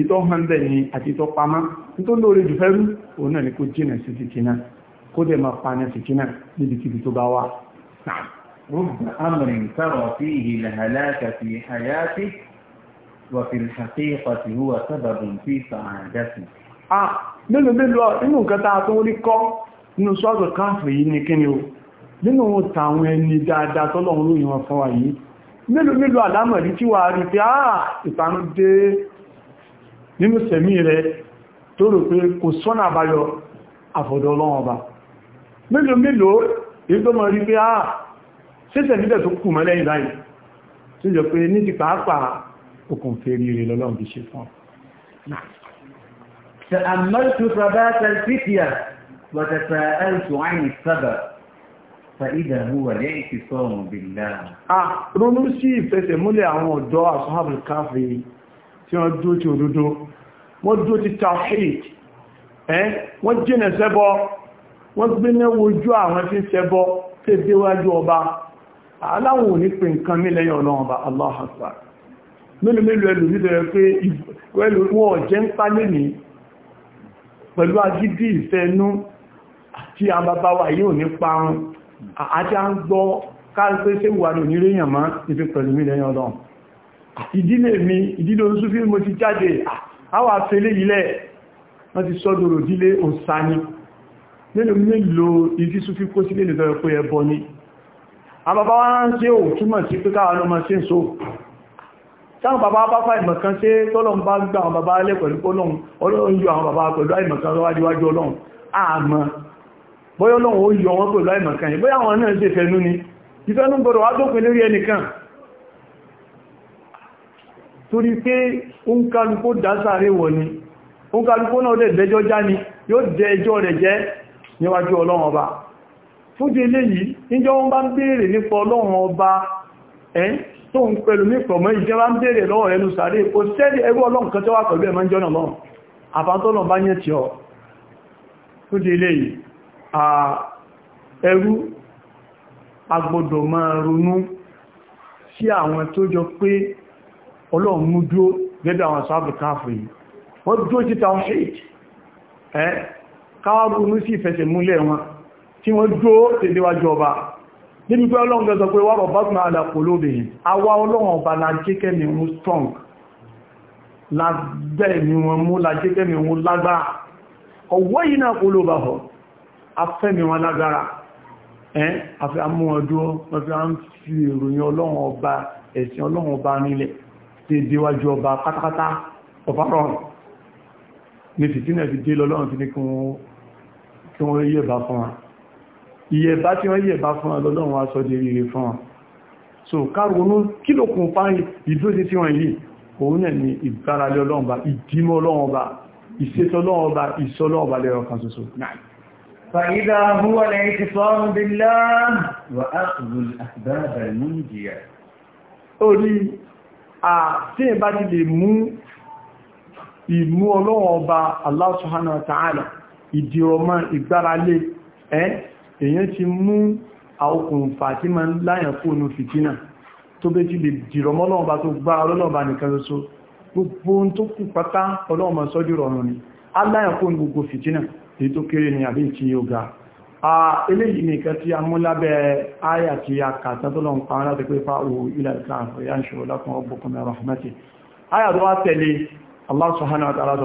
ìtọ́ hàn bẹ́ẹ̀ ni àti ìtọ́ pamá tó lóore jù fẹ́rú òun náà ni kó jìnà sí fìtínà kó dẹ̀ máa pa ní fìtínà níbikíbi tó bá wà. rúbà amrin tàrọ̀ sí ìhìlẹ̀ àláàkà fi àyàtì wà fi ṣàkí ìpàtì hùwà sábàbùn sí sàádásì. a mélòó mélòó inú nǹkan tá a tó rí kọ́ nínú sọ́ọ̀tù káàfì yìí ni kíni o nínú tàwọn ẹni dáadáa tọ́lọ́run lóyìn wọn fún wa yìí mélòó mélòó àlámọ̀rí tí wàá rí pé a ìpanu dé nínú sẹ̀mí rẹ̀ tó rò pé kò sọ́nà àbáyọ àfọ̀dọ̀ ọlọ́wọ́n ọba mélòó mélòó èyí tó mọ̀ rí pé áà ah, ṣẹ́sẹ̀ níbẹ̀ tó kù mọ́lẹ́yìn báyìí فإذا هو الاعتصام بالله ah ronú sí ìfẹsẹ̀múlẹ̀ àwọn ọ̀dọ́ àṣọ́hábùl tí wọ́n dúró tí òdodo wọ́n dúró ti tawhid wọ́n jìnà sẹ́bọ wọ́n gbéná wojú àwọn tí ń sẹ́bọ tí ó déwájú ọba aláwọ̀ òní pè nǹkan mí lẹ́yìn ọlọ́run ọba Allah akbar mélòó mélòó ẹlòmí bẹ̀rẹ̀ pé ìwẹ́lò wọ́n jẹ́ ń pálé ní pẹ̀lú agídí ìfẹ́nú àti àbábáwà yóò ní parun àti à ń gbọ́ káàkiri sí wà ní oníréyàn má ìfẹ́ pẹ̀lú mí lẹ́yìn ìdílé mi ìdílé oṣù fí mo ti jáde ah, àwà àfẹ́lé ilẹ̀ wọ́n ti sọ́dọ̀rọ̀ dílé òsàní mélòó mélòó ìdí súnfí kó sílé lè lọ́rọ̀ pé ẹbọ ni àbàbá wá ń ṣe ò túnmọ̀ sí pé káwọn ọmọ sí ń so táwọn bàbá bá fà ìmọ̀kan ṣe tọ́lọ́n bá gbà àwọn bàbá alẹ́ pẹ̀lú pọ́lọ́n ọlọ́run yọ àwọn bàbá pẹ̀lú àìmọ̀kan lọ́wájúwájú ọlọ́run àmọ́ bọ́yọ́lọ́run ó yọ wọn pẹ̀lú àìmọ̀kan yìí bóyá àwọn náà ṣe fẹ́nú ni ìfẹ́nú gbọ́dọ̀ wá dópin lórí ẹnìkan torí pé oúnkálukó dásàrí wọ̀ ni oúnkálukó náà dẹ̀ dẹjọ́ já ni yóò jẹ ẹjọ́ rẹ̀ jẹ́ níwájú ọlọ́run ọba fún jẹ léyìí níjọ́ wọ́n bá ń béèrè nípa ọlọ́run ọba ẹ́ tó ń pẹ̀lú nípọ̀mọ́ ìjẹ́ bá ń béèrè lọ́wọ́ ẹnu sàárè kò sẹ́rì ẹgbẹ́ ọlọ́run kan tó wà sí àwọn tó jọ pé ọlọ́run mú dúró gẹ́gẹ́ àwọn sáàbù káàfù yìí wọ́n dúró sí tawhid ẹ́ káwàrù ní sí ìfẹsẹ̀ múlẹ̀ wọn tí wọ́n dúró tẹ́léwájú ọba níbi pé ọlọ́run gẹ́gẹ́ pé wọ́n bá gbọ́n àlà kò lóbìnrin awa ọlọ́run ọba la jẹ́kẹ́ mi wọn strong lágbẹ́ mi wọn mú la jẹ́kẹ́ mi wọn lágbára ọwọ́ yìí náà kò lóbà họ afẹ́ mi wọn lágbára ẹ́ afẹ́ amú ọdún wọ́n fi ń fi ìròyìn ọlọ́run ọba ẹ̀sìn ọlọ́run ọba nílẹ̀ déwájú ọba pátápátá ọba rọrùn ní fìtínà fi dé lọ́lọ́run fi ní kí wọ́n yẹ̀bá fún wa ìyẹ̀bá tí wọ́n yẹ̀bá fún wa lọ́lọ́run wá sọ di fún wa so kárùnún kí ló kún fáyìn ìdóṣe tí wọ́n yìí òun náà ni ìgbáralé ọlọ́run وأخذ الأحباب المنجية. Orí àti ìbá ti lè mú ìmú ọlọ́wọ̀n ọba Allah subhanahu ta'ala ìdí ọmọ ìgbáralé ẹ́ èyàn ti mú àokùnfà tí láyàn fóònù fìtínà tó bẹ́ ti lè dìrọmọ́ tó gbá gbogbo ni gbogbo eléyìí nìkan tí a mú lábẹ́ àyà tí a kà sátọ́lọ̀ ń pàwọn láti pé fáwọ ilẹ̀ ìkàfẹ́ yá ń ṣòro lákùn ọgbọ̀kùn mẹ́rọ ahmadi àyà tó wá tẹ̀lé Allah subhanahu wa ta'ala sọ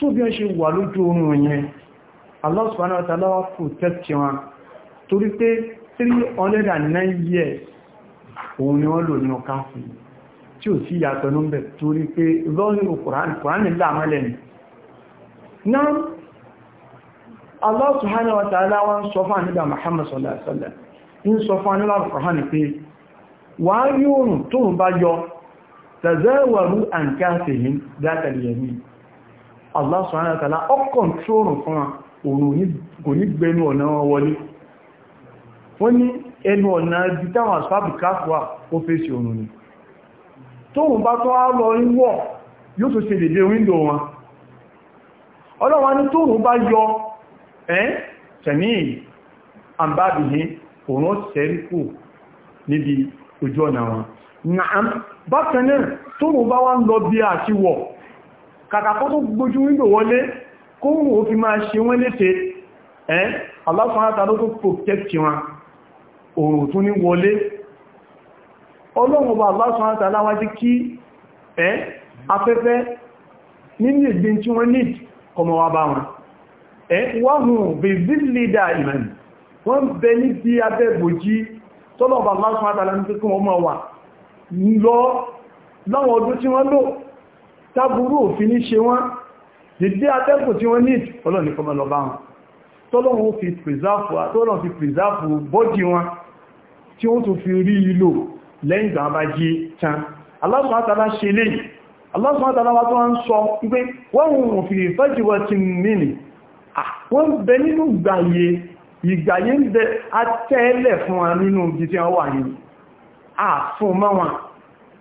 tó bí wọ́n ṣe wà lójú oorun yẹn Allah subhanahu wa ta'ala wọn torí pé 309 years òun ni wọ́n lò nínú káfí tí ò sí ìyàtọ̀ ní bẹ̀ torí pé lọ́nà Kùránì Kùránì láàmọ́lẹ̀ ni náà Allah subhanahu wa ta'ala wá ń sọ fún àníbà Muhammad sallallahu alaihi wasallam ń dátàlì yẹ̀mí Allah subhanahu wa ta'ala ó kọ̀ntrọ́rùn fún wa òun kò ní gbẹnu ọ̀nà wọn wọlé wọ́n ní ẹnu ọ̀nà ibi táwọn àṣàbì káfíwà ó fèsì òun ni tóun bá tó á lọ wọ̀ yóò tó ṣe dédé wọn ọlọ́wọ́ ní tóun bá yọ ẹ́ tẹ̀mí àbábìhí òun ó tẹ́rí kù níbi ojú wọn bákan náà lọ kàkà kó tó gbójú wíńdò wọlé kó wù ó fi máa ṣe wọ́n léṣe ẹ́ Allah subhanahu wa ta'ala tó protect wọn òòrùn tún ní wọlé ọlọ́run ọba Allah subhanahu wa ta'ala wá ti kí ẹ́ afẹ́fẹ́ nínú ìgbín tí wọ́n need kọmọ wá bá wọn ẹ́ wọ́n hùn bèbí lídà ìmẹ̀ni wọ́n bẹ níbi abẹ́ bòjí tọ́lọ̀ ọba Allah subhanahu wa kí wọ́n máa wà lọ láwọn ọdún tí wọ́n lò tábúrú òfin ní ṣe wọ́n dìde atẹ́kùn tí wọ́n ní ọlọ́ni kọmọ lọ bá wọn tọ́lọ́wọ́ fi pìrìsáàfù bọ́dì wọn tí wọ́n tún fi rí ìlò lẹ́yìn ìgbà bá jí tán Allah subhanahu wa ta'ala ṣe léyìn Allah subhanahu wa ta'ala wá tó wọ́n sọ wípé ah, wọ́n wọ́n fi fẹ́jìwọ́ ti mìnì wọ́n bẹ nínú ìgbàyé ìgbàyé ń bẹ atẹ́ẹ̀lẹ̀ fún wa nínú ibi tí wọ́n wà yìí ah,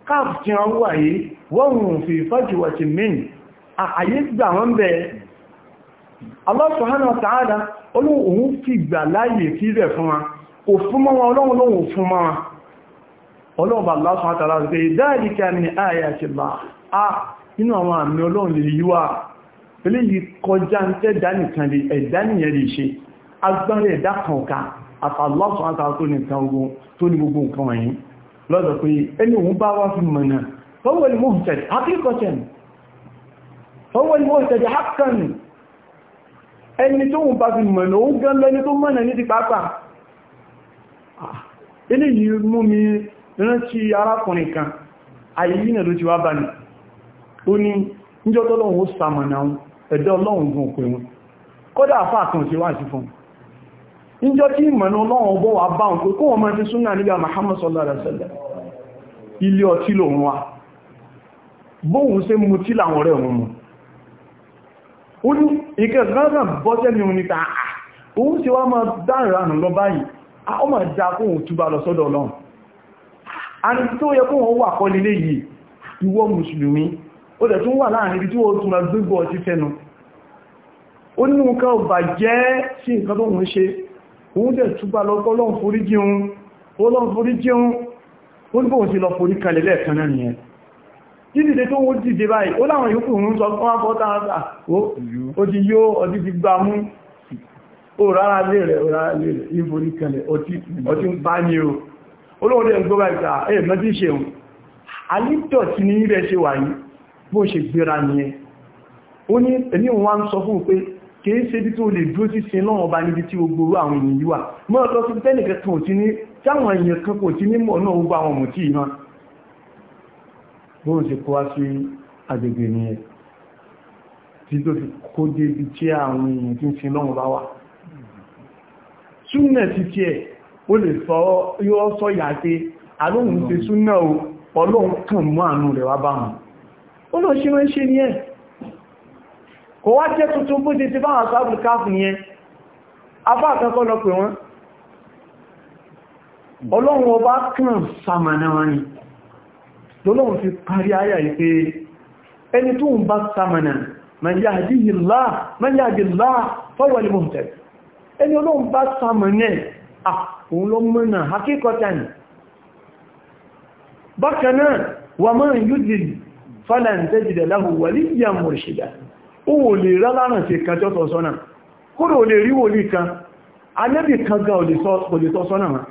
káàf tí wọ́n wà yìí wọ́n fi fọ́júwọ̀tí mìn àyè gbà wọ́n bẹ̀ Allah subhanahu wa ta'ala olóhun fi gbà láyè tí rẹ̀ fún wa kò fún mọ́ wọn ọlọ́run lóhun fún mọ́ wọn ọlọ́run bá Allah subhanahu wa ta'ala pé dhalika min ayatillah a inú àwọn àmì ọlọ́run lè yíwá pẹ̀lú yìí kọjá ń tẹ́ dánìkan lè ẹ̀dánìyàn lè ṣe agbára ẹ̀dá kan ká àfàlọ́sùn àtàwọn tó ní gbogbo nǹkan wọ̀nyí lọ́dọ̀ pé ẹni òun bá wá fi mọ̀nà fọ́wọ́lì mọ́hùtẹ̀dì akíkọ̀tẹ̀n fọ́wọ́lì mọ́hùtẹ̀dì hakan ẹni tó wùn bá fi mọ̀nà ó gán lẹ́ni tó mọ̀nà ní ti pàápàá ilé ah, yìí mú mi rántí arákùnrin kan ayéyínà ló ti wá bá ní ó ní níjọ́ tọ́lọ́run ó sàmọ̀nà ẹ̀dọ́ ọlọ́run gun òpin wọn kódà àfáà kan sí níjọ́ tí ìmọ̀nà ọlọ́run bọ́ wà bá òun kó wọ́n máa fi súnà nígbà Muhammad sallallahu alaihi wasallam ilé ọtí lòun wà bóhun ṣe mú tí làwọn ọ̀rẹ́ òun mú ó ní ìkẹ́ gánà bọ́tẹ́ ní òun níta àà òun wá máa dáìrànù lọ báyìí a ó máa já kóhun túbà lọ sọ́dọ̀ ọlọ́run àni tó yẹ kóhun wà kọ́ lílé yìí ìwọ mùsùlùmí ó dẹ̀ tún wà láàrin ibi tí ó tún òun dẹ̀ túbà lọ́kọ́ lọ́n forí jíun ó lọ́n forí jíun ó ní bóhun sí lọ forí kalẹ̀ lẹ́ẹ̀kan náà nìyẹn dídìde tó wó dìde báyìí ó láwọn yòókù ń sọ fún àpọ́ta ó ti yó ọdí ti gbá mú ó rárá lè rẹ̀ ó rárá lè rẹ̀ ní forí kalẹ̀ ọtí ń bá ní o olóòrùn dẹ̀ gbọ́ báyìí ká ẹ̀ mẹ́tí ṣeun alítọ̀ sí ní ibẹ̀ ṣe wà yìí bó ṣe gbéra nìyẹn ó ní ẹni wọn sọ fún pé kìí ṣe bí tó lè dúró sí sin náà ọba níbi tí gbogbo àwọn èèyàn yíwà mọ́ lọ sí tẹ́nìkẹ́ kan tí ní táwọn èèyàn kan kò tí ní mọ̀ náà gbogbo àwọn mọ̀tí ìran bóhùn sí kó wá sí agbègbè nìyẹn tí tó fi kó dé ibi tí àwọn èèyàn tí ń sin náà bá wà súnà ti tiẹ̀ ó lè sọ yóò sọ yà pé alóhùn ṣe súnà ọlọ́run kàn mú àánú rẹ̀ wá bá wọn ó lọ ṣe wọ́n ṣe ní ẹ̀ kò wá jẹ́ tuntun bó ti ti bá àwọn sáàbùl káàfù yẹn afá àkẹ́kọ́ lọ pè wọ́n ọlọ́run ọba kìràn sàmànà wọn ni lọ́lọ́run fi parí ayà yìí pé ẹni tó ń bá sàmànà man yahdihillah man yahdillah fọ́wọ́lì mọ̀tẹ̀ ẹni ọlọ́run bá sàmànà àwọn ó wò lè ráláràn sí kan tọ́tọ̀ sọ́nà kódò ò lè rí wò ní kan anẹ́bì kan gan ò lè tọ́ sọ́nà wọn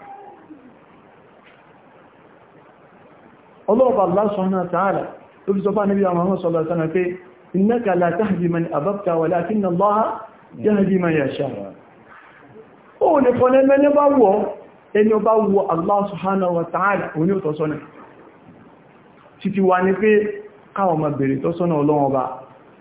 ọlọ́ọ̀bà lásánà tààlà tó fi sọ fà níbi àwọn sọ́lọ̀ sọ́nà pé innaka la tahdi man ahbabta walakinna Allaha yahdi man yasha ó ní fọ́nẹ́mẹ́ wa ta'ala pé káwọn ma bèèrè tọ́sọ́nà ọlọ́wọ́ bá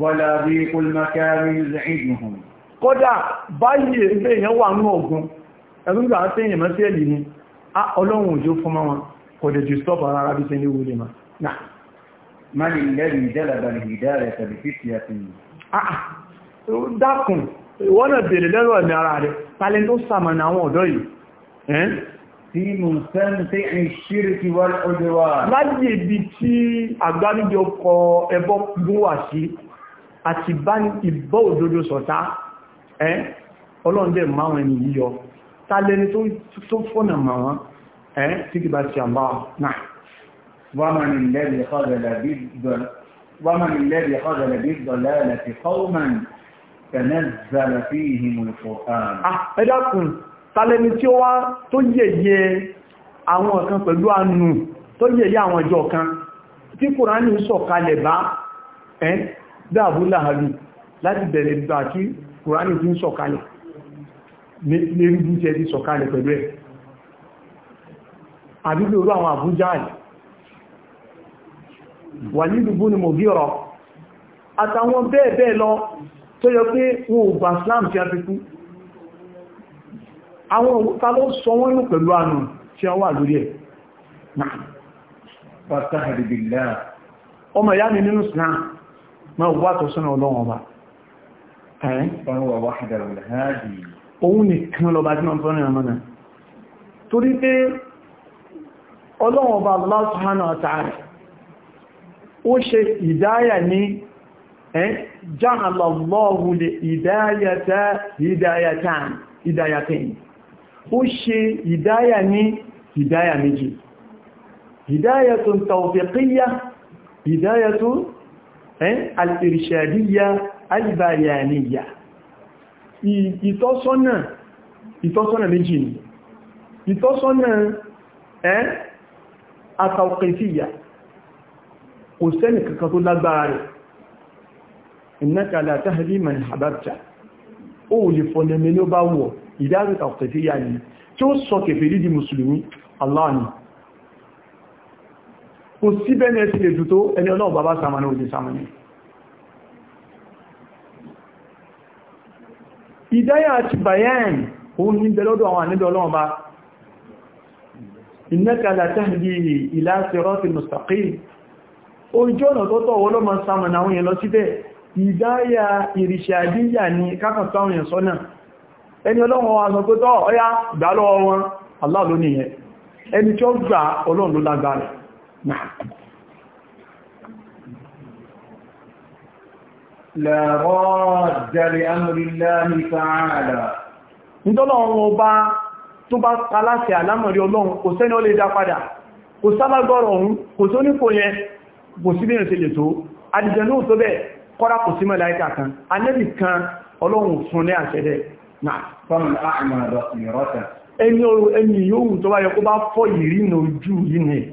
wọ́lá bí olùmọ̀kẹ́rí ìrìnhùn kódà báyìí ilé èèyàn wà ní ọ̀gbọ́n ẹgbẹ́gbà tí èèyàn mọ́ sí ẹ̀lì ni ọlọ́run òjò fún mọ́ wọn kò dẹ̀ jù stop ara arábí sí ilé wọlé ma náà má ní ilẹ̀rì ìdẹ́lẹ̀bà ní ìdẹ́rẹ̀ tàbí fífì àti dákùn wọ́n náà bèèrè lẹ́rọ ẹ̀mí ara rẹ̀ tí mo sẹ́nu ẹbọ́ gún sí àti bá ní ìbọ́ òdodo sọ̀tá ẹ́ ọlọ́ndẹ̀ máwọn ẹni yíyọ tàlẹni tó fọ́nà máwọn ẹ́ tí kìbá ti àmbá náà wọ́n mọ̀ ní lẹ́bí ọ̀dọ̀lẹ̀ bí dọ̀lẹ́ ti kọ́ọ̀mọ̀n tẹ̀nẹ́zẹ̀lẹ̀ fi ìhìmù ìfọ̀kàn tí kùránì sọ̀kalẹ̀ bá ẹ́ dáàbú láàrin láti bẹ̀rẹ̀ kí kùránì tí ń sọ̀kalẹ̀ ti sọ̀kalẹ̀ pẹ̀lú ẹ̀ orú àwọn àbújá ẹ̀ wà nílùú ní mò bí ọ̀rọ̀ àtàwọn bẹ́ẹ̀ bẹ́ẹ̀ lọ tó yọ pé wọn ò tí a fi àwọn òkúta ló pẹ̀lú tí a wà lórí ẹ̀ ọmọ máa wá tó sọ́nà ọlọ́run ọba òun nìkan lọ bá tí wọ́n fọ́nà ọmọ náà torí pé ọlọ́run ọba Allah subhanahu wa ta'ala ó ṣe ìdáyà ní ja'alallahu li ìdáyàtà ìdáyàtàn ìdáyàtàn ó ṣe ìdáyà ní ìdáyà méjì ìdáyàtun tawfiqiyya ìdáyàtun al-irshadiyya al-bayaniyya ìtọ́sọ́nà ìtọ́sọ́nà méjì ni ìtọ́sọ́nà at-tawqifiyya kò sẹ́nì kankan tó lágbára rẹ̀ innaka la tahdi man ahbabta ó lè fọ́nà mẹ́lẹ́ bá wọ̀ ìdájọ́ tawqifiyya ni tí ó sọ kèfèrí di mùsùlùmí Allah ni kò sí bẹ́ni ẹ̀sì lè dùtó ẹni ọlọ́run bàbá sàmàní òjì sàmàní ìdáyà àti bayan òun ní bẹ̀lọ́dọ̀ àwọn àníbẹ̀ ọlọ́run bá innaka la ila mustaqim ojú ọ̀nà tó tọ̀ lọ́mọ sàmàní àwọn èèyàn lọ síbẹ̀ ìdáyà ìrìṣẹ́ àdíyà ni èèyàn sọ́nà نعم لا راد لأمر الله تعالى ǹdọ́lọ́ ọba tó bá kaláṣẹ àlámọ̀rí ọlọ́run kò sẹ́ni ó lè dá padà kò sálágọ́rọ̀ ọ̀hún kò tó ní kò yẹn sí bíyàn sí lè tó àdìjẹ̀nú tó bẹ́ kọ́rá kò sí mẹ́láíkà kan anẹ́bì kan ọlọ́run fún ní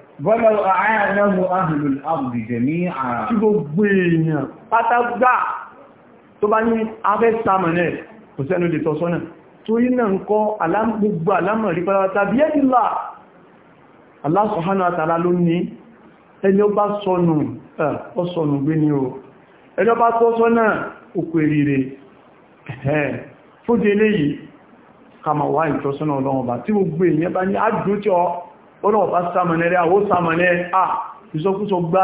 Bọ́lá àáyàwó ahùlù àbùdì jẹ̀mí àrà. Tí gbogbo èèyàn pátágbà tó bá ní abẹ́ sàmọ̀nẹ̀ kò sẹ́nu lè tọ́ sọ́nà. Torí náà ń kọ́ gbogbo alámọ̀rí pátápátá bí ẹ́dìlá. Allah o. Ẹni ó bá tọ́ sọ́nà òkú èrìrè. Fúdé eléyìí, kàmà wá ìtọ́sọ́nà ọlọ́run bá tí ọlọ́wọ̀ bá sàmọ̀nẹ́ rẹ̀ àwọ́ sàmọ̀nẹ́ à ìsọkúsọ gbá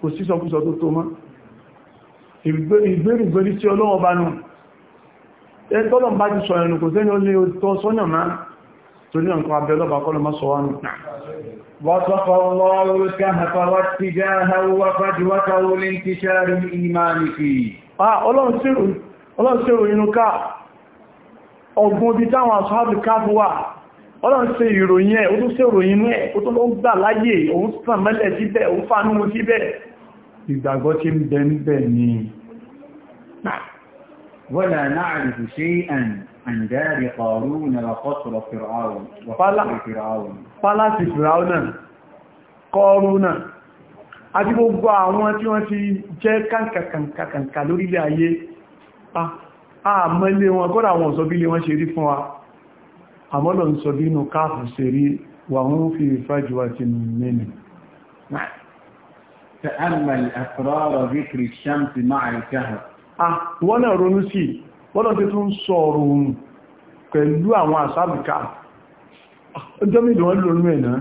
kò sí sọkúsọ tó tó mọ́ ìgbérùgbérí tí ọlọ́wọ̀ bá nù ẹgbọ́lọ̀ bá ti sọ ẹnu kò sẹ́ni ó lè tọ́ sọ́nà máa torí nǹkan abẹ́ lọ́bà kọ́lọ̀ mọ́ sọ wá nù وَصَفَ اللَّهُ الْكَهْفَ وَاتِّجَاهَهُ وَفَجْوَتَهُ لِانْتِشَارِ الْإِيمَانِ فِيهِ Ọlọ́run sírò inú ká ọgbọ́n bí táwọn àṣọ́bì káàkiri wà ọlọ́run ṣe ìròyìn ẹ̀ ó tún ṣe ìròyìn ẹ̀ ó tún ló ń gbà láyé òun sàn mẹ́lẹ̀ síbẹ̀ òun fánú síbẹ̀ ìgbàgbọ́ tí ń bẹ ń bẹ ni wọ́lá náà rí kù sí àǹdáàrí ọ̀rú nàrà kọ́sọ̀rọ̀ fìràún Kọ́rúnà àti gbogbo àwọn tí wọ́n ti àmọ́lé wọn kọ́dà àwọn ọ̀sọ́bílé wọn ṣe rí fún wa àmọ́lọ̀ ń sọ bínú káàfù sí rí wà ń fi fàjúwà ti mẹ́nu wọ́n náà ronú sí wọ́n náà ti tún sọ ọ̀rọ̀ ohun pẹ̀lú àwọn àsábìká ọjọ́ mìí wọ́n lórí ẹ̀nà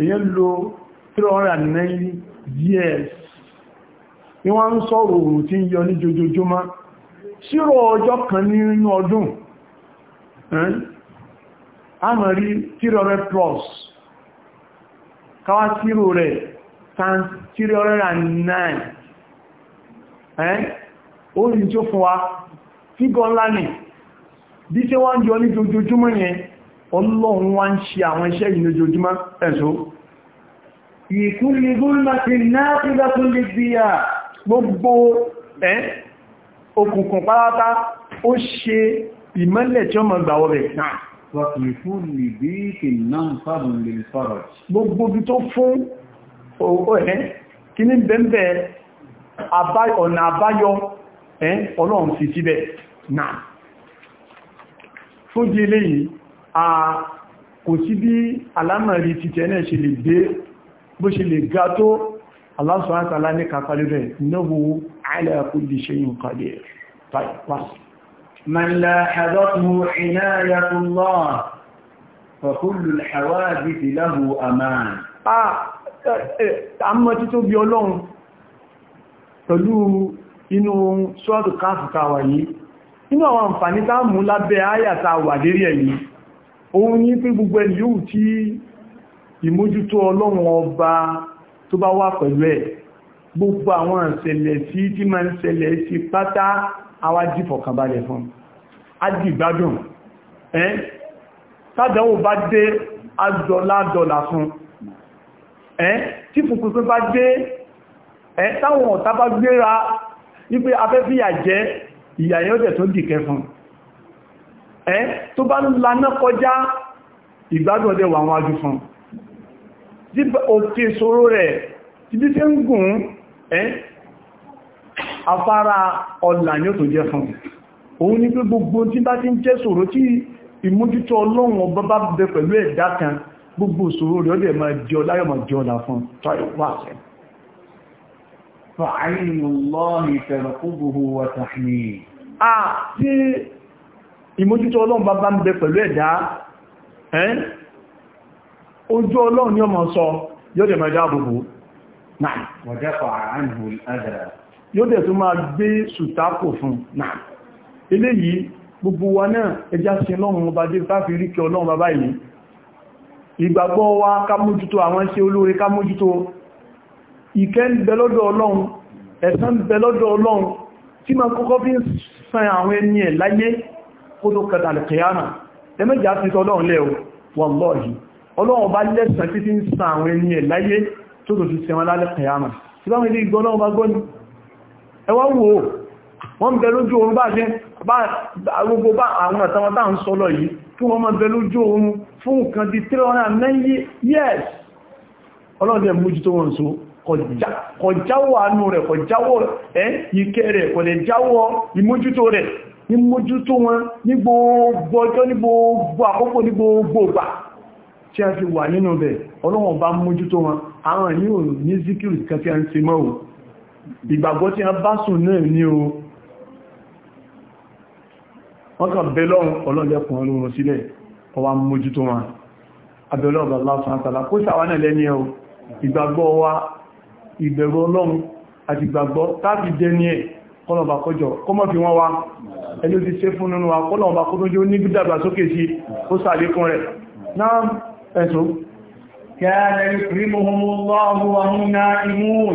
èyàn lo 390 years ni wọ́n ń sọ̀rọ̀ ohun tí ń yọ ní jojoojúmọ́ sírò ọjọ́ kan nínú ọdún a mọ̀ rí 300 plus káwá sírò rẹ̀ times nine, ẹ́ ó rí tí ó fún wa fígọ́ ńlá nì bí tí wọ́n yọ ní ojoojúmọ́ yẹn ọlọ́run wá ń ṣe àwọn iṣẹ́ yìí lójoojúmọ́ ẹ̀ṣọ́ ìkúnlẹ̀ gúnmọ̀tí náà tí lọ́tún lè bí i wàkìlìfù nìbí ìkìnnà fàbùn lè fọ́rọ̀ gbogbo bí tó fún owó ẹ̀ kí ní bẹ̀m̀bẹ̀ ọ̀nà àbáyọ ẹ̀ ọlọ́run fi síbẹ̀ náà fún di eléyìí a kò sí bí alámọ̀rí títẹ̀ náà ṣe lè gbé bó ṣe lè ga tó Allah subhanahu wa ta'ala ní kàfàlẹ̀ rẹ̀ náà wo ala kulli shay'in qadir من لاحظته عناية الله فكل الحوادث له أمان àmọ́ tító bí ọlọ́run pẹ̀lú inú ṣọ́ọ̀tù káàkùkà wà yìí inú àwọn àǹfàní tá mú lábẹ́ áyàta wà lérí ẹ̀yí òun ní pé gbogbo ẹni yóò tí ìmójútó ọlọ́run ọba tó bá wà pẹ̀lú ẹ̀ gbogbo àwọn ìṣẹ̀lẹ̀ sí tí máa ń ṣẹlẹ̀ sí pátá àwa dì fọ̀kànbalẹ̀ fún adì gbádùn ẹ́ tàbíwò bá dé adọ́ládọ́là fún ẹ́ tí fùkùnkùn bá dé ẹ́ táwọn ọ̀tá bá gbéra wípé afẹ́fíyà jẹ́ ìyàyọ́dẹ̀ tó dìkẹ́ fún ẹ́ tó bá laná kọjá ìgbádùn ọdẹ wà wájú fún òkè ìṣòro rẹ̀ títí tí ń gùn ẹ́ afárá ọlà ní ó tó jẹ́ fún òun ní pé gbogbo tí bá ti ń jẹ́ tí ìmójútó ọlọ́run ọba bá bẹ pẹ̀lú ẹ̀dá kan gbogbo ṣòro rẹ̀ ọdẹ̀ máa jọ láyọ̀ máa jọ ọ̀dà fún ojú ni ọmọ sọ náà ẹ̀dẹ̀rẹ̀ yóò dẹ̀ tó máa gbé sùtákò fún náà eléyìí gbogbo wa náà ẹjá sí ọlọ́run ọba dé bá fi rí kí ọlọ́run bàbá yìí ìgbàgbọ́ wa ká mójútó àwọn iṣẹ́ olóore ká mójútó ìkẹ́ ń bẹ lọ́dọ̀ ọlọ́run ẹ̀san ń bẹ lọ́dọ̀ ọlọ́run tí ma kọ́kọ́ fi ń san àwọn ẹni ẹ̀ láyé kó tó kẹta lẹ̀kẹ̀yàmà ẹmẹ́jà fi tọ́ ọlọ́run lẹ́ wallahi ọlọ́run bá lẹ́sàn títí ń san àwọn ẹni ẹ̀ láyé tó tó ti sẹ́wọ́n lálẹ́kẹ̀yàmà tí bá wọn ilé ìgbọ́ ọlọ́run bá gbọ́ ni ẹwọ́n wò ó wọ́n bẹ lójú oorun bá jẹ́ gbogbo bá àwọn àtàwátà ń sọ́lọ yìí kí wọ́n mọ́ bẹ lójú oorun fún nǹkan di 390 years ọlọ́dẹ̀ mújú wọn so kọjáwọ́ àánú rẹ̀ kọjáwọ́ ẹ́ ìkẹ́ rẹ̀ ìmójútó rẹ̀ wọn ní gbogbo ọjọ́ ní gbogbo àkókò ní gbogbo tí a fi wà nínú bẹ̀ ọlọ́wọ̀n bá mójútó wọn àwọn ní zikiru ń mọ́ ìgbàgbọ́ tí a bá sùn náà ní o wọ́n kàn bẹ lọ́run ọlọ́jẹ́kùn olóòrùn sílẹ̀ ọwá mójútó wọn abẹ́lọ́gbà lásánàtàlá kó sàwà náà lẹ́ni ẹ̀ o ìgbàgbọ́ wa ìbẹ̀rù ọlọ́run àti ìgbàgbọ́ tàbí dẹni ẹ̀ kọ́lọ̀bà kọjọ kọ́mọ̀ fi wọ́n wá ẹni ó ti ṣe fún nínú wa kọ́lọ̀bà kó tó jẹ́ ní gbídàgbà sókè sí ó sàlékún rẹ̀ náà ẹ̀sùn كان يكرمهم الله وهم نائمون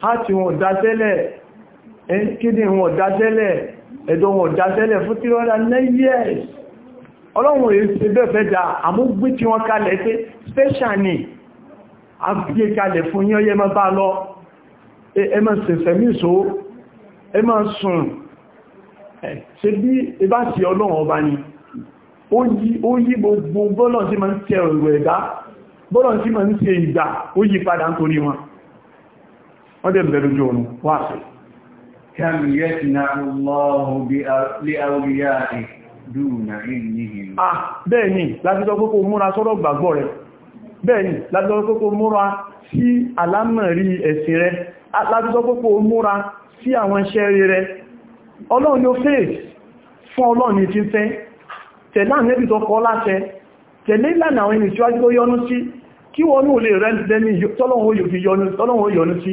hátì wọn dátẹ́lẹ̀ kídì wọn dátẹ́lẹ̀ ẹ̀dọ̀ wọn dátẹ́lẹ̀ fún tí wọ́n dá lẹ́yẹ́ ọlọ́run èyí ṣe bẹ́ẹ̀fẹ́ dá àmúgbé tí wọ́n kalẹ̀ pé special ni a gbé kalẹ̀ fún yán yẹ́ mọ́ bá lọ ẹ má sẹ̀fẹ̀ mìíso ẹ má sùn ṣe bí ibá sí ọlọ́run ọba ni ó yí gbogbo bọ́lọ̀ sí ma ń tẹ ọ̀rọ̀ ẹ̀dá bọ́lọ̀ sí ma ń ṣe ìgbà ó yí padà nítorí wọn wọ́n dẹ̀ bẹ̀rẹ̀ jọ òun wà sí kẹmìyẹ́sìnà lọ́hùn bí àwòrìyà ìdúnà ìyìn bẹ́ẹ̀ni láti sọ kókó múra sọ́rọ̀ gbàgbọ́ rẹ̀ bẹ́ẹ̀ni láti sọ kókó ah, sí àwọn iṣẹ́ rẹ̀ ọlọ́run ló fèé fún ọlọ́run ti fẹ́ tẹ̀lá nẹ́bì tó kọ́ láṣẹ tẹ̀lé ìlànà àwọn ènìyàn síwájú tó yọnú sí kí wọ́n ní olè rẹ̀ lẹ́ni tọ́lọ́run ó yọnú sí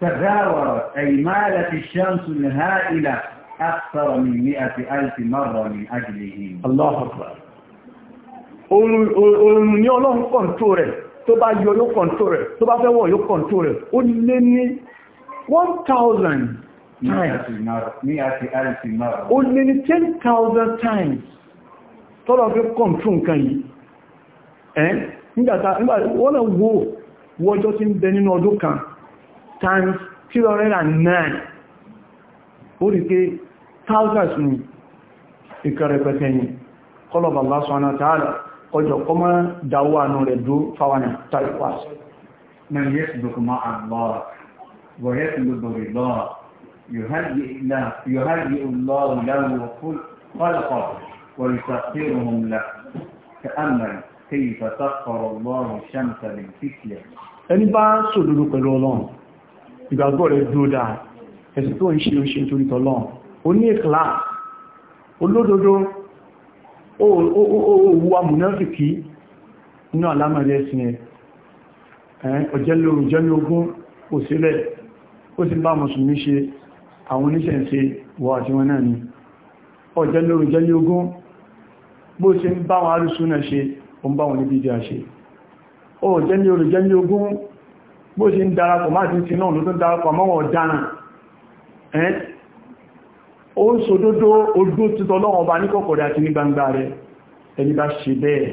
تداورت أي مالت الشمس الهائلة أكثر من مئة ألف مرة من أجلهم. الله أكبر òun ni ọlọ́run kọ̀ǹtó rẹ̀ tó bá yọ yóò kọ̀ǹtó rẹ̀ tó bá fẹ́ wọ̀ yóò kọ̀ǹtó rẹ̀ ó lé ní 10,000 times tọ́lọ̀ fi kọ̀ǹtó nǹkan yìí ẹ́ nígbàtà wọ́n lọ wo wọ́jọ́ tí ń bẹ nínú ọdún kan times 309 ó rí pé thousands ní ìkan rẹpẹtẹ yìí kọlọ̀bà Allah subhanahu wa ta'ala ọjọ́ kọmọ́ dáwọ́ àánú rẹ̀ dó fáwọnà tàíwàs يهيئ الله له خلقه ويسخرهم له تأمل كيف سخر الله الشمس من فتله ẹni bá sòdòdó pẹ̀lú ọlọ́run ìgbàgbọ́ rẹ̀ dúró dáa ẹ̀sìn tó ń ṣe ó ṣe nítorí tọ́lọ́n ó ní ìkìlá olódodo owó amúnáfìkì inú àlámàlẹ́ ẹ̀sìn ẹ̀ ọjẹ́lógún jẹ́lógún kò sílẹ̀ ó ti bá mùsùlùmí ṣe àwọn oníṣẹ̀ǹṣe wọ àti wọn náà ni ọjẹ́lógún jẹ́lógún bó ṣe ń bá wọn arúsúnà ṣe ó ń bá wọn níbi ìjà ṣe ọjẹ́lógún jẹ́lógún bó ṣe ń darapọ̀ máa ti ń sinú ọ̀lú tó darapọ̀ mọ́wọ̀n ọ̀daràn ọ dara ń sòdódó ojú títọ́ lọ́wọ́ ọba ní kọ̀kọ̀rẹ́ àti ní gbangba rẹ̀ ẹni bá ṣe bẹ́ẹ̀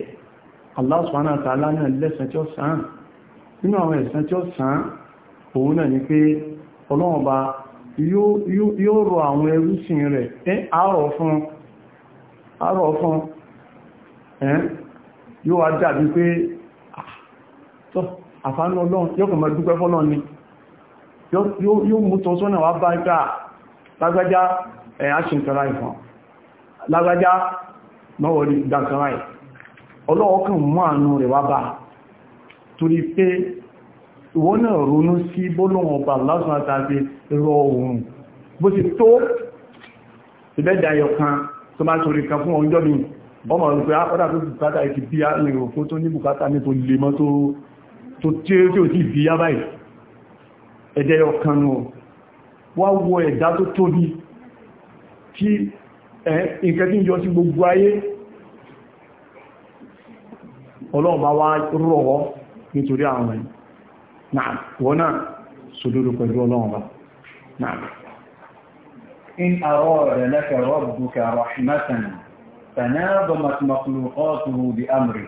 Allah subhanahu wa ta'ala tí ó sàn nínú ọba àfánà ọlọ́run yóò kàn máa dúpẹ́ fọ́lọ́ ni yóò mú tọ́ sọ́nà wá bá gbà lágbájá ẹ̀yà ṣìnkara ìfàn lágbájá mọ́wọ̀lì ìdákanáà ọlọ́wọ́ kan mú àánú rẹ̀ wá bá torí pé wọ́n náà ronú sí bọ́lọ́wọ́n bá lásán àtàbí rọ ohun bó ti tó ìbẹ́dà ẹyọkan tó máa torí kan tó tí ó tí ó ti bí yá báyìí ẹ̀dẹ̀ ọ̀kan náà wá wọ ẹ̀dá tó tóbi tí nǹkan tí ń yọ sí gbogbo ayé ọlọ́ọ̀bá wá rọ̀wọ́ nítorí àwọn إن أراد لك ربك رحمة مخلوقاته بأمره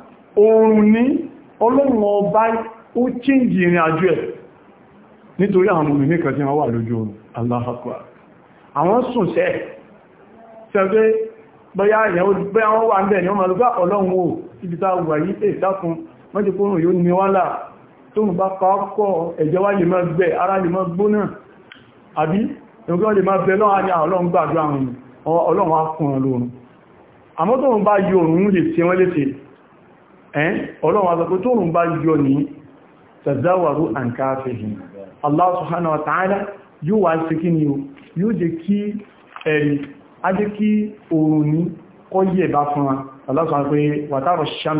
oòrùn ní ọlọ́run ọba ó chíǹjì ìrìn àjò ẹ̀ nítorí àwọn mùmínì kan tí wọ́n wà lójú oòrùn Allahu àwọn sùn sẹ́ sẹ́gbé bọ́yá ni wọ́n máa lọ bá ah, ọlọ́run ò ibi tá wà yí pé eh, ìdákun mọ́jẹ́ kórùn yóò ní wálà tó mú bá pàápọ̀ ẹ̀jẹ̀ wá lè máa gbẹ̀ ara lè máa gbóná àbí ẹgbẹ́ lè máa bẹ lọ́wọ́ ah, ọlọ́run gbàdúrà ọlọ́run á fún ń bá yí òrùn lè ṣe wọ́n léṣe ọlọ́wọ́ àzọ̀kú tó rùn bá yọ ní tàzáwàrú àǹkáfihìn Allah subhanahu wa ta'ala yóò wá sí kí ni o yóò jẹ́ kí ẹ̀rì ajé kí oòrùn ní kọ́ yẹ̀ bá fún wa Allah subhanahu pé wàtàrọ̀ sham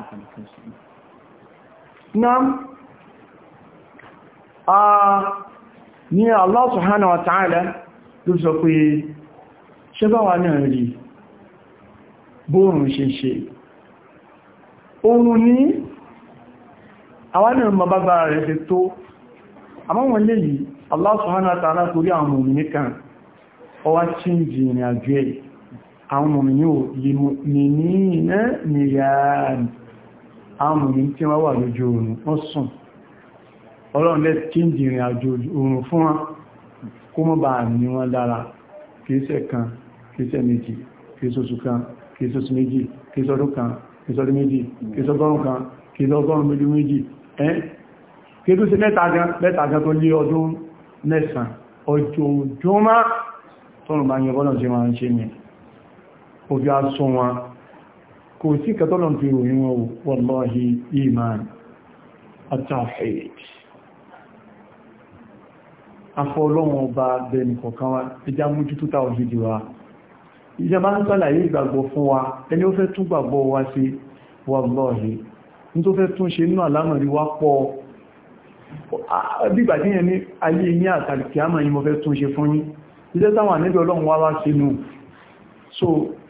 Naam. Ah, ni Allah subhanahu wa ta'ala ló sọ pé wa náà rí bóòrùn ṣe Oòrùn ní àwọn ma bábá rẹ̀ ṣe tó. Àmọ́ wọn yìí, Allah subhanahu wa ta'ala torí àwọn òmìnir kan, ọwá chíǹjì ìrìn ẹ̀. Àwọn ò lè àmùyí tí wọ́n wà lójú oòrùn wọ́n sùn ọlọ́run lẹ́ tí ń dìrìn àjò oòrùn fún wọn kó mọ́ bá ní wọn lára kìíṣẹ́ kan kìíṣẹ́ méjì kìíṣoṣù kan kìíṣoṣù méjì kìíṣọdún kan kìíṣọdún méjì kìíṣọgọ́rùn kan kìíṣọgọ́rùn méjì kò sí katọ́lọ̀n fi ròyìn wọn wallahi iman at-tawhid afọ́lọ́wọ́n bá bẹni kọ̀kan wá ẹjá mújú tó táwọn gidi wa ìjọba ń sàlàyé ìgbàgbọ́ fún wa ẹni ó fẹ́ tún gbàgbọ́ wa sí wallahi ní tó fẹ́ tún ṣe so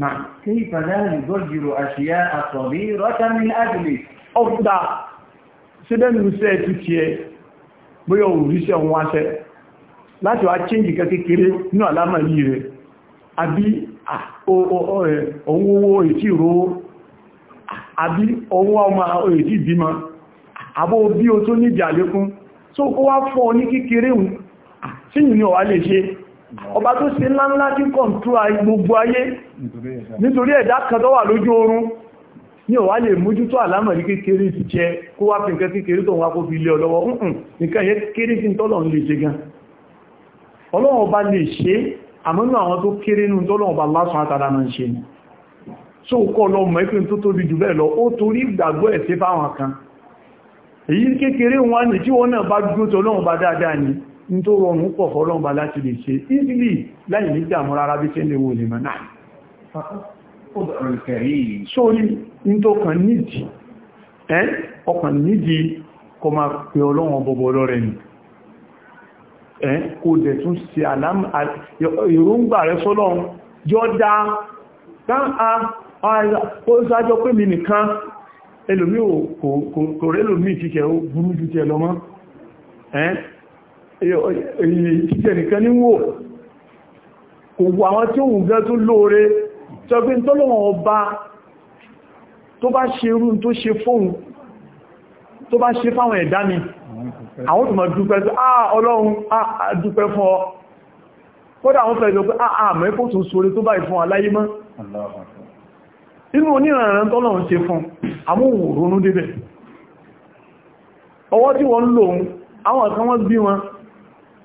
نعم كيف لا يضجر أشياء صغيرة من أجلك ọ̀pùdá sílẹ̀nùsẹ́ ti ti ẹ bóyá òrìṣẹ́ wọn aṣẹ́ láti wá chíǹjì kékeré ní àlámà yìí rẹ̀ àbí ọwọ́ owó ètí ìrówó àbí ọwọ́ ọmọ ètí ìbímọ àbó bí o tó ní ìjà lékún tó kó wá fọ́ ní kékeré hùn ọba tó ṣe ńlá ńlá tí kọ̀ǹtú gbogbo ayé nítorí ẹ̀dá kan tó wà lójú oorun ní ọ̀wá lè mójútó àlámọ̀rí kékeré ti jẹ kó wá fi nǹkan kékeré tó wá kó fi lé ọlọ́wọ́ nǹkan yẹ kéré sí tọ́lọ̀ ń lè ṣe gan ọlọ́run ọba lè ṣe àmọ́nú àwọn tó kéré nù tọ́lọ́run ọba lásán àtàrà máa ṣe ní tó rọrùn pọ̀ fọ́lọ́mbà láti lè ṣe ìbílì láì ní ìdàmọ́ rárá bí tẹ́lẹ̀ wo lè mọ̀ náà sórí ní tó kàn nídìí ẹ́ ọkàn nídìí kọ ma pè ọlọ́wọ̀n bọ̀bọ̀ lọ́rẹ̀ ni ẹ́ kò dẹ̀ tún sí ìrúngbà rẹ̀ sọ́lọ́run jọ dá èyí títẹ̀ nìkan ní wò kò wọ àwọn tí òun gẹ́ tó lóore tó gbé tọ́lọ̀wọ̀n ọba tó bá ṣe irú tó ṣe fóun tó bá ṣe fáwọn ẹ̀dá mi àwọn tó máa dúpẹ́ tó ah ọlọ́run ah dúpẹ́ fún ọ kódà àwọn fẹ́ẹ̀lọ pé ah àmọ́ ah, ẹ́kò tó sóre tó báyìí fún aláyé mọ́ inú oníranran tọ́lọ̀run ṣe fún àmúhùn ronú débẹ̀ ọwọ́ tí wọ́n lòun àwọn kan wọ́n bí wọn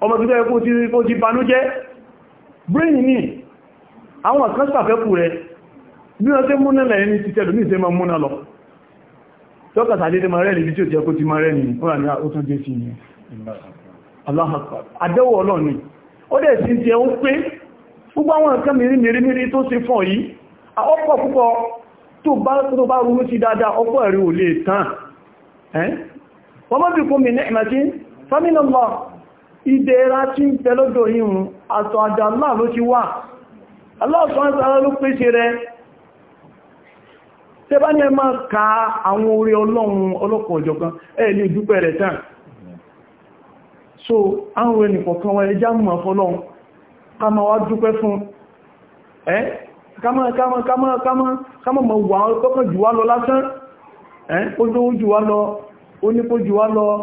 ọmọ tó tẹ́ kó ti banújẹ́ brain ní àwọn kan sàfẹ́kù rẹ̀ bí wọ́n tẹ́ múnà lẹ̀ ní ti tẹ́lù ní ìsẹ́ máa múnà lọ tọ́kà sàdédé ma rẹ̀ níbi tí ó jẹ́ kó ti ma rẹ̀ ní ọ̀rà ní ó tún dé sí ní àdẹ́wọ̀ ọlọ́ni ó dẹ̀ sí ti ẹun pé gbogbo àwọn nǹkan mìírí tó ṣe fún yìí ọ̀pọ̀ púpọ̀ tó bá ronú sí dáadáa ọ̀pọ̀ ẹ̀rí ò lè tán wọ́n mọ́ bí kó mi ní ẹ̀mà sí ìdẹ̀ra tí ń tẹ lọ́dọ̀ yíhun àtọ̀ àjà Allah ló ti wà aláàtọ̀ọ́sára ló pèsè rẹ̀ tẹ bá ka àwọn orí ọlọ́run kan ni so wa ẹjá mọ̀ fọ́lọ́run ká máa fún ẹ́ kama kama kama máa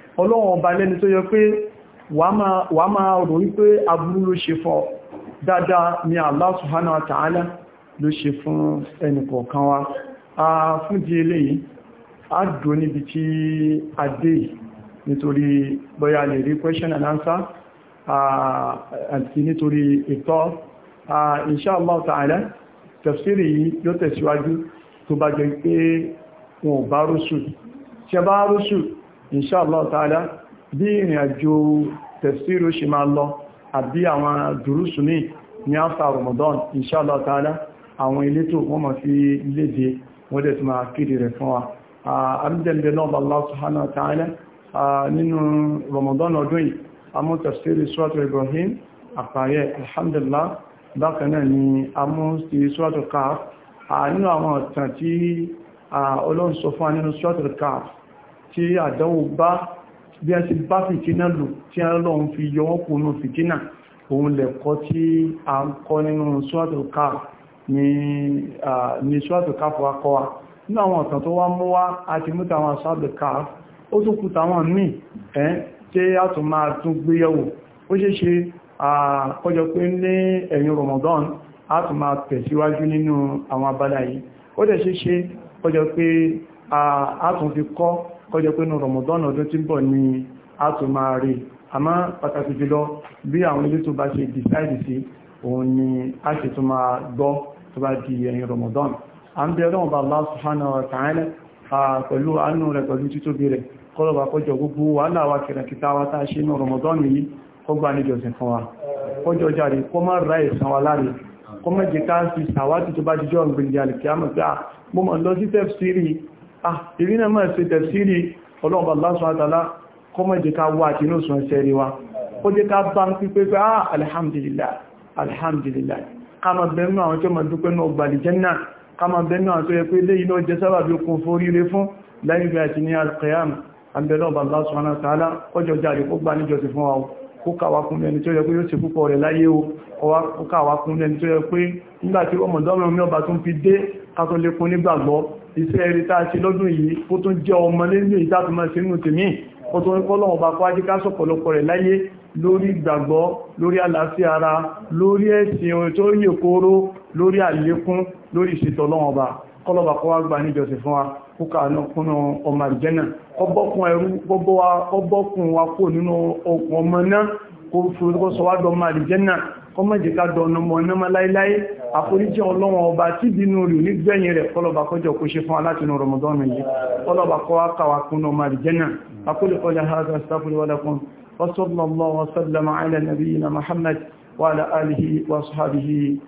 ọlọ́run ọba lẹ́ni tó yẹ pé wà máa rò wípé aburú ló ṣe fọ́ dáadáa ni Allah subhanahu wa ló ṣe fún ẹnìkọ̀ọ̀kan wa a fún di eléyìí a dùn níbi tí a dé nítorí bóyá lè rí question and answer àti nítorí ìtọ́ insha Allah ta'ala tafsiri yìí yóò tẹ̀síwájú tó bá jẹ́ pé wọn ò bá rúṣù inshallah ta'ala bí ìrìn àjò tẹ̀síru ṣe máa lọ àbí àwọn dùrúsù ní ní after Ramadan inshallah ta'ala àwọn ilétò wọ́n ma fi léde wọ́n dẹ̀ tí máa kéde rẹ̀ fún wa àrídẹ̀lẹ̀ náà Allah subhanahu wa ta'ala nínú Ramadan ọdún yìí amú tafsiri Suratul Ibrahim àpàyẹ alhamdulillah bákanáà ni amú sí Suratul Ọlọ́run sọ fún wa nínú Suratul Kahf tí àdánwò bá bí a ti bá fìtínà lò tí a lọ́n fi yọ wọ́n kúrò fìtínà òun lẹ̀kọ́ tí a ń kọ́ nínú ṣúwàtòká ní ṣúwàtòká fún akọ́ wa nínú àwọn ọ̀tàn tó wá mú wá àti múta àwọn ṣúwàtòká ó tún kú tàwọn míì ẹ́ tí a tún máa tún gbéyẹ̀wò ó ṣe ṣe àkọ́jọ pé ní ẹ̀yìn Ramadan a tún máa tẹ̀síwájú nínú àwọn abala yìí ó dẹ̀ ṣe ṣe kọjọ pé a tún fi kọ́ kọjọ pé ní Ramadan ọdún tí ń bọ̀ ní a tó máa rí àmá pàtàkì jùlọ bí àwọn ilé tó bá ṣe decide sí òun ni a ṣe tó máa gbọ́ tó bá di ẹ̀yìn Ramadan a ń bẹ ọlọ́run bá Allah subhanahu wa ta'ala pẹ̀lú àánú rẹ̀ pẹ̀lú títóbi rẹ̀ kọlọ̀bà Ramadan yìí kọgbà níjọsìn fún wa kọjọ jáde kọ má ra ìsan wa láre kọ má jẹ ká sàwátì tó bá jíjọ ọgbìn di àlìkíyàmọ̀ pé à lọ sí tẹ́fsìrì ah ìrìnà máa ṣe tẹ̀sírí ọlọ́ọ̀bà lásùn àtàlá kọmọ̀ ìjẹta wà àti inú sùn ẹsẹ̀ rí wa ó jẹ́ ká bá ń pípé pé ah alhamdulillah alhamdulillah kama bẹnu àwọn tó ma dúpẹ́ náà gbàlì jẹ́nà kama bẹnu àwọn tó yẹ pé lé iná jẹ́ sábà bí okun foríire fún láìbí àti ní alqiyam àbẹ̀lọ́ọ̀bà lásùn àtàlá kọjọ jáde kó gbà níjọ sí fún wa kókàwàkún lẹni tó yẹ pé iṣẹ́ eré tá a ṣe lọ́dún yìí kó tún jẹ́ ọmọ lẹ́nu ìtàtùmọ̀ sínú tèmí kó tún ń kọ́lọ̀ ọba kó ajíká sọ̀pọ̀lọpọ̀ rẹ̀ láyé lórí ìgbàgbọ́ lórí àlàáfíà ara lórí ẹ̀sìn ohun tó yè kóró lórí àlékún lórí ìṣètò ọlọ́run wa kúkà kúnnà ọmọ ìjẹ́nà ọbọ̀kùn ẹrú ọbọ̀kùn wa kó nínú ọkùn ọmọ náà kó àforíjẹ́ ọlọ́wọ́n ọba tí bínú rẹ̀ ní gbẹ̀yìn rẹ̀ kọlọba kọjọ kó ṣe fún alátinú rọmọdọ́nù yìí kọlọba kọ́ ákàwà kún ọmọ àrìjẹ́nà akólẹ́kọ́lẹ́ hàzà sáfúríwọ́lẹ́kún wasallallahu wasallam ala nabiyyina muhammad wa ala alihi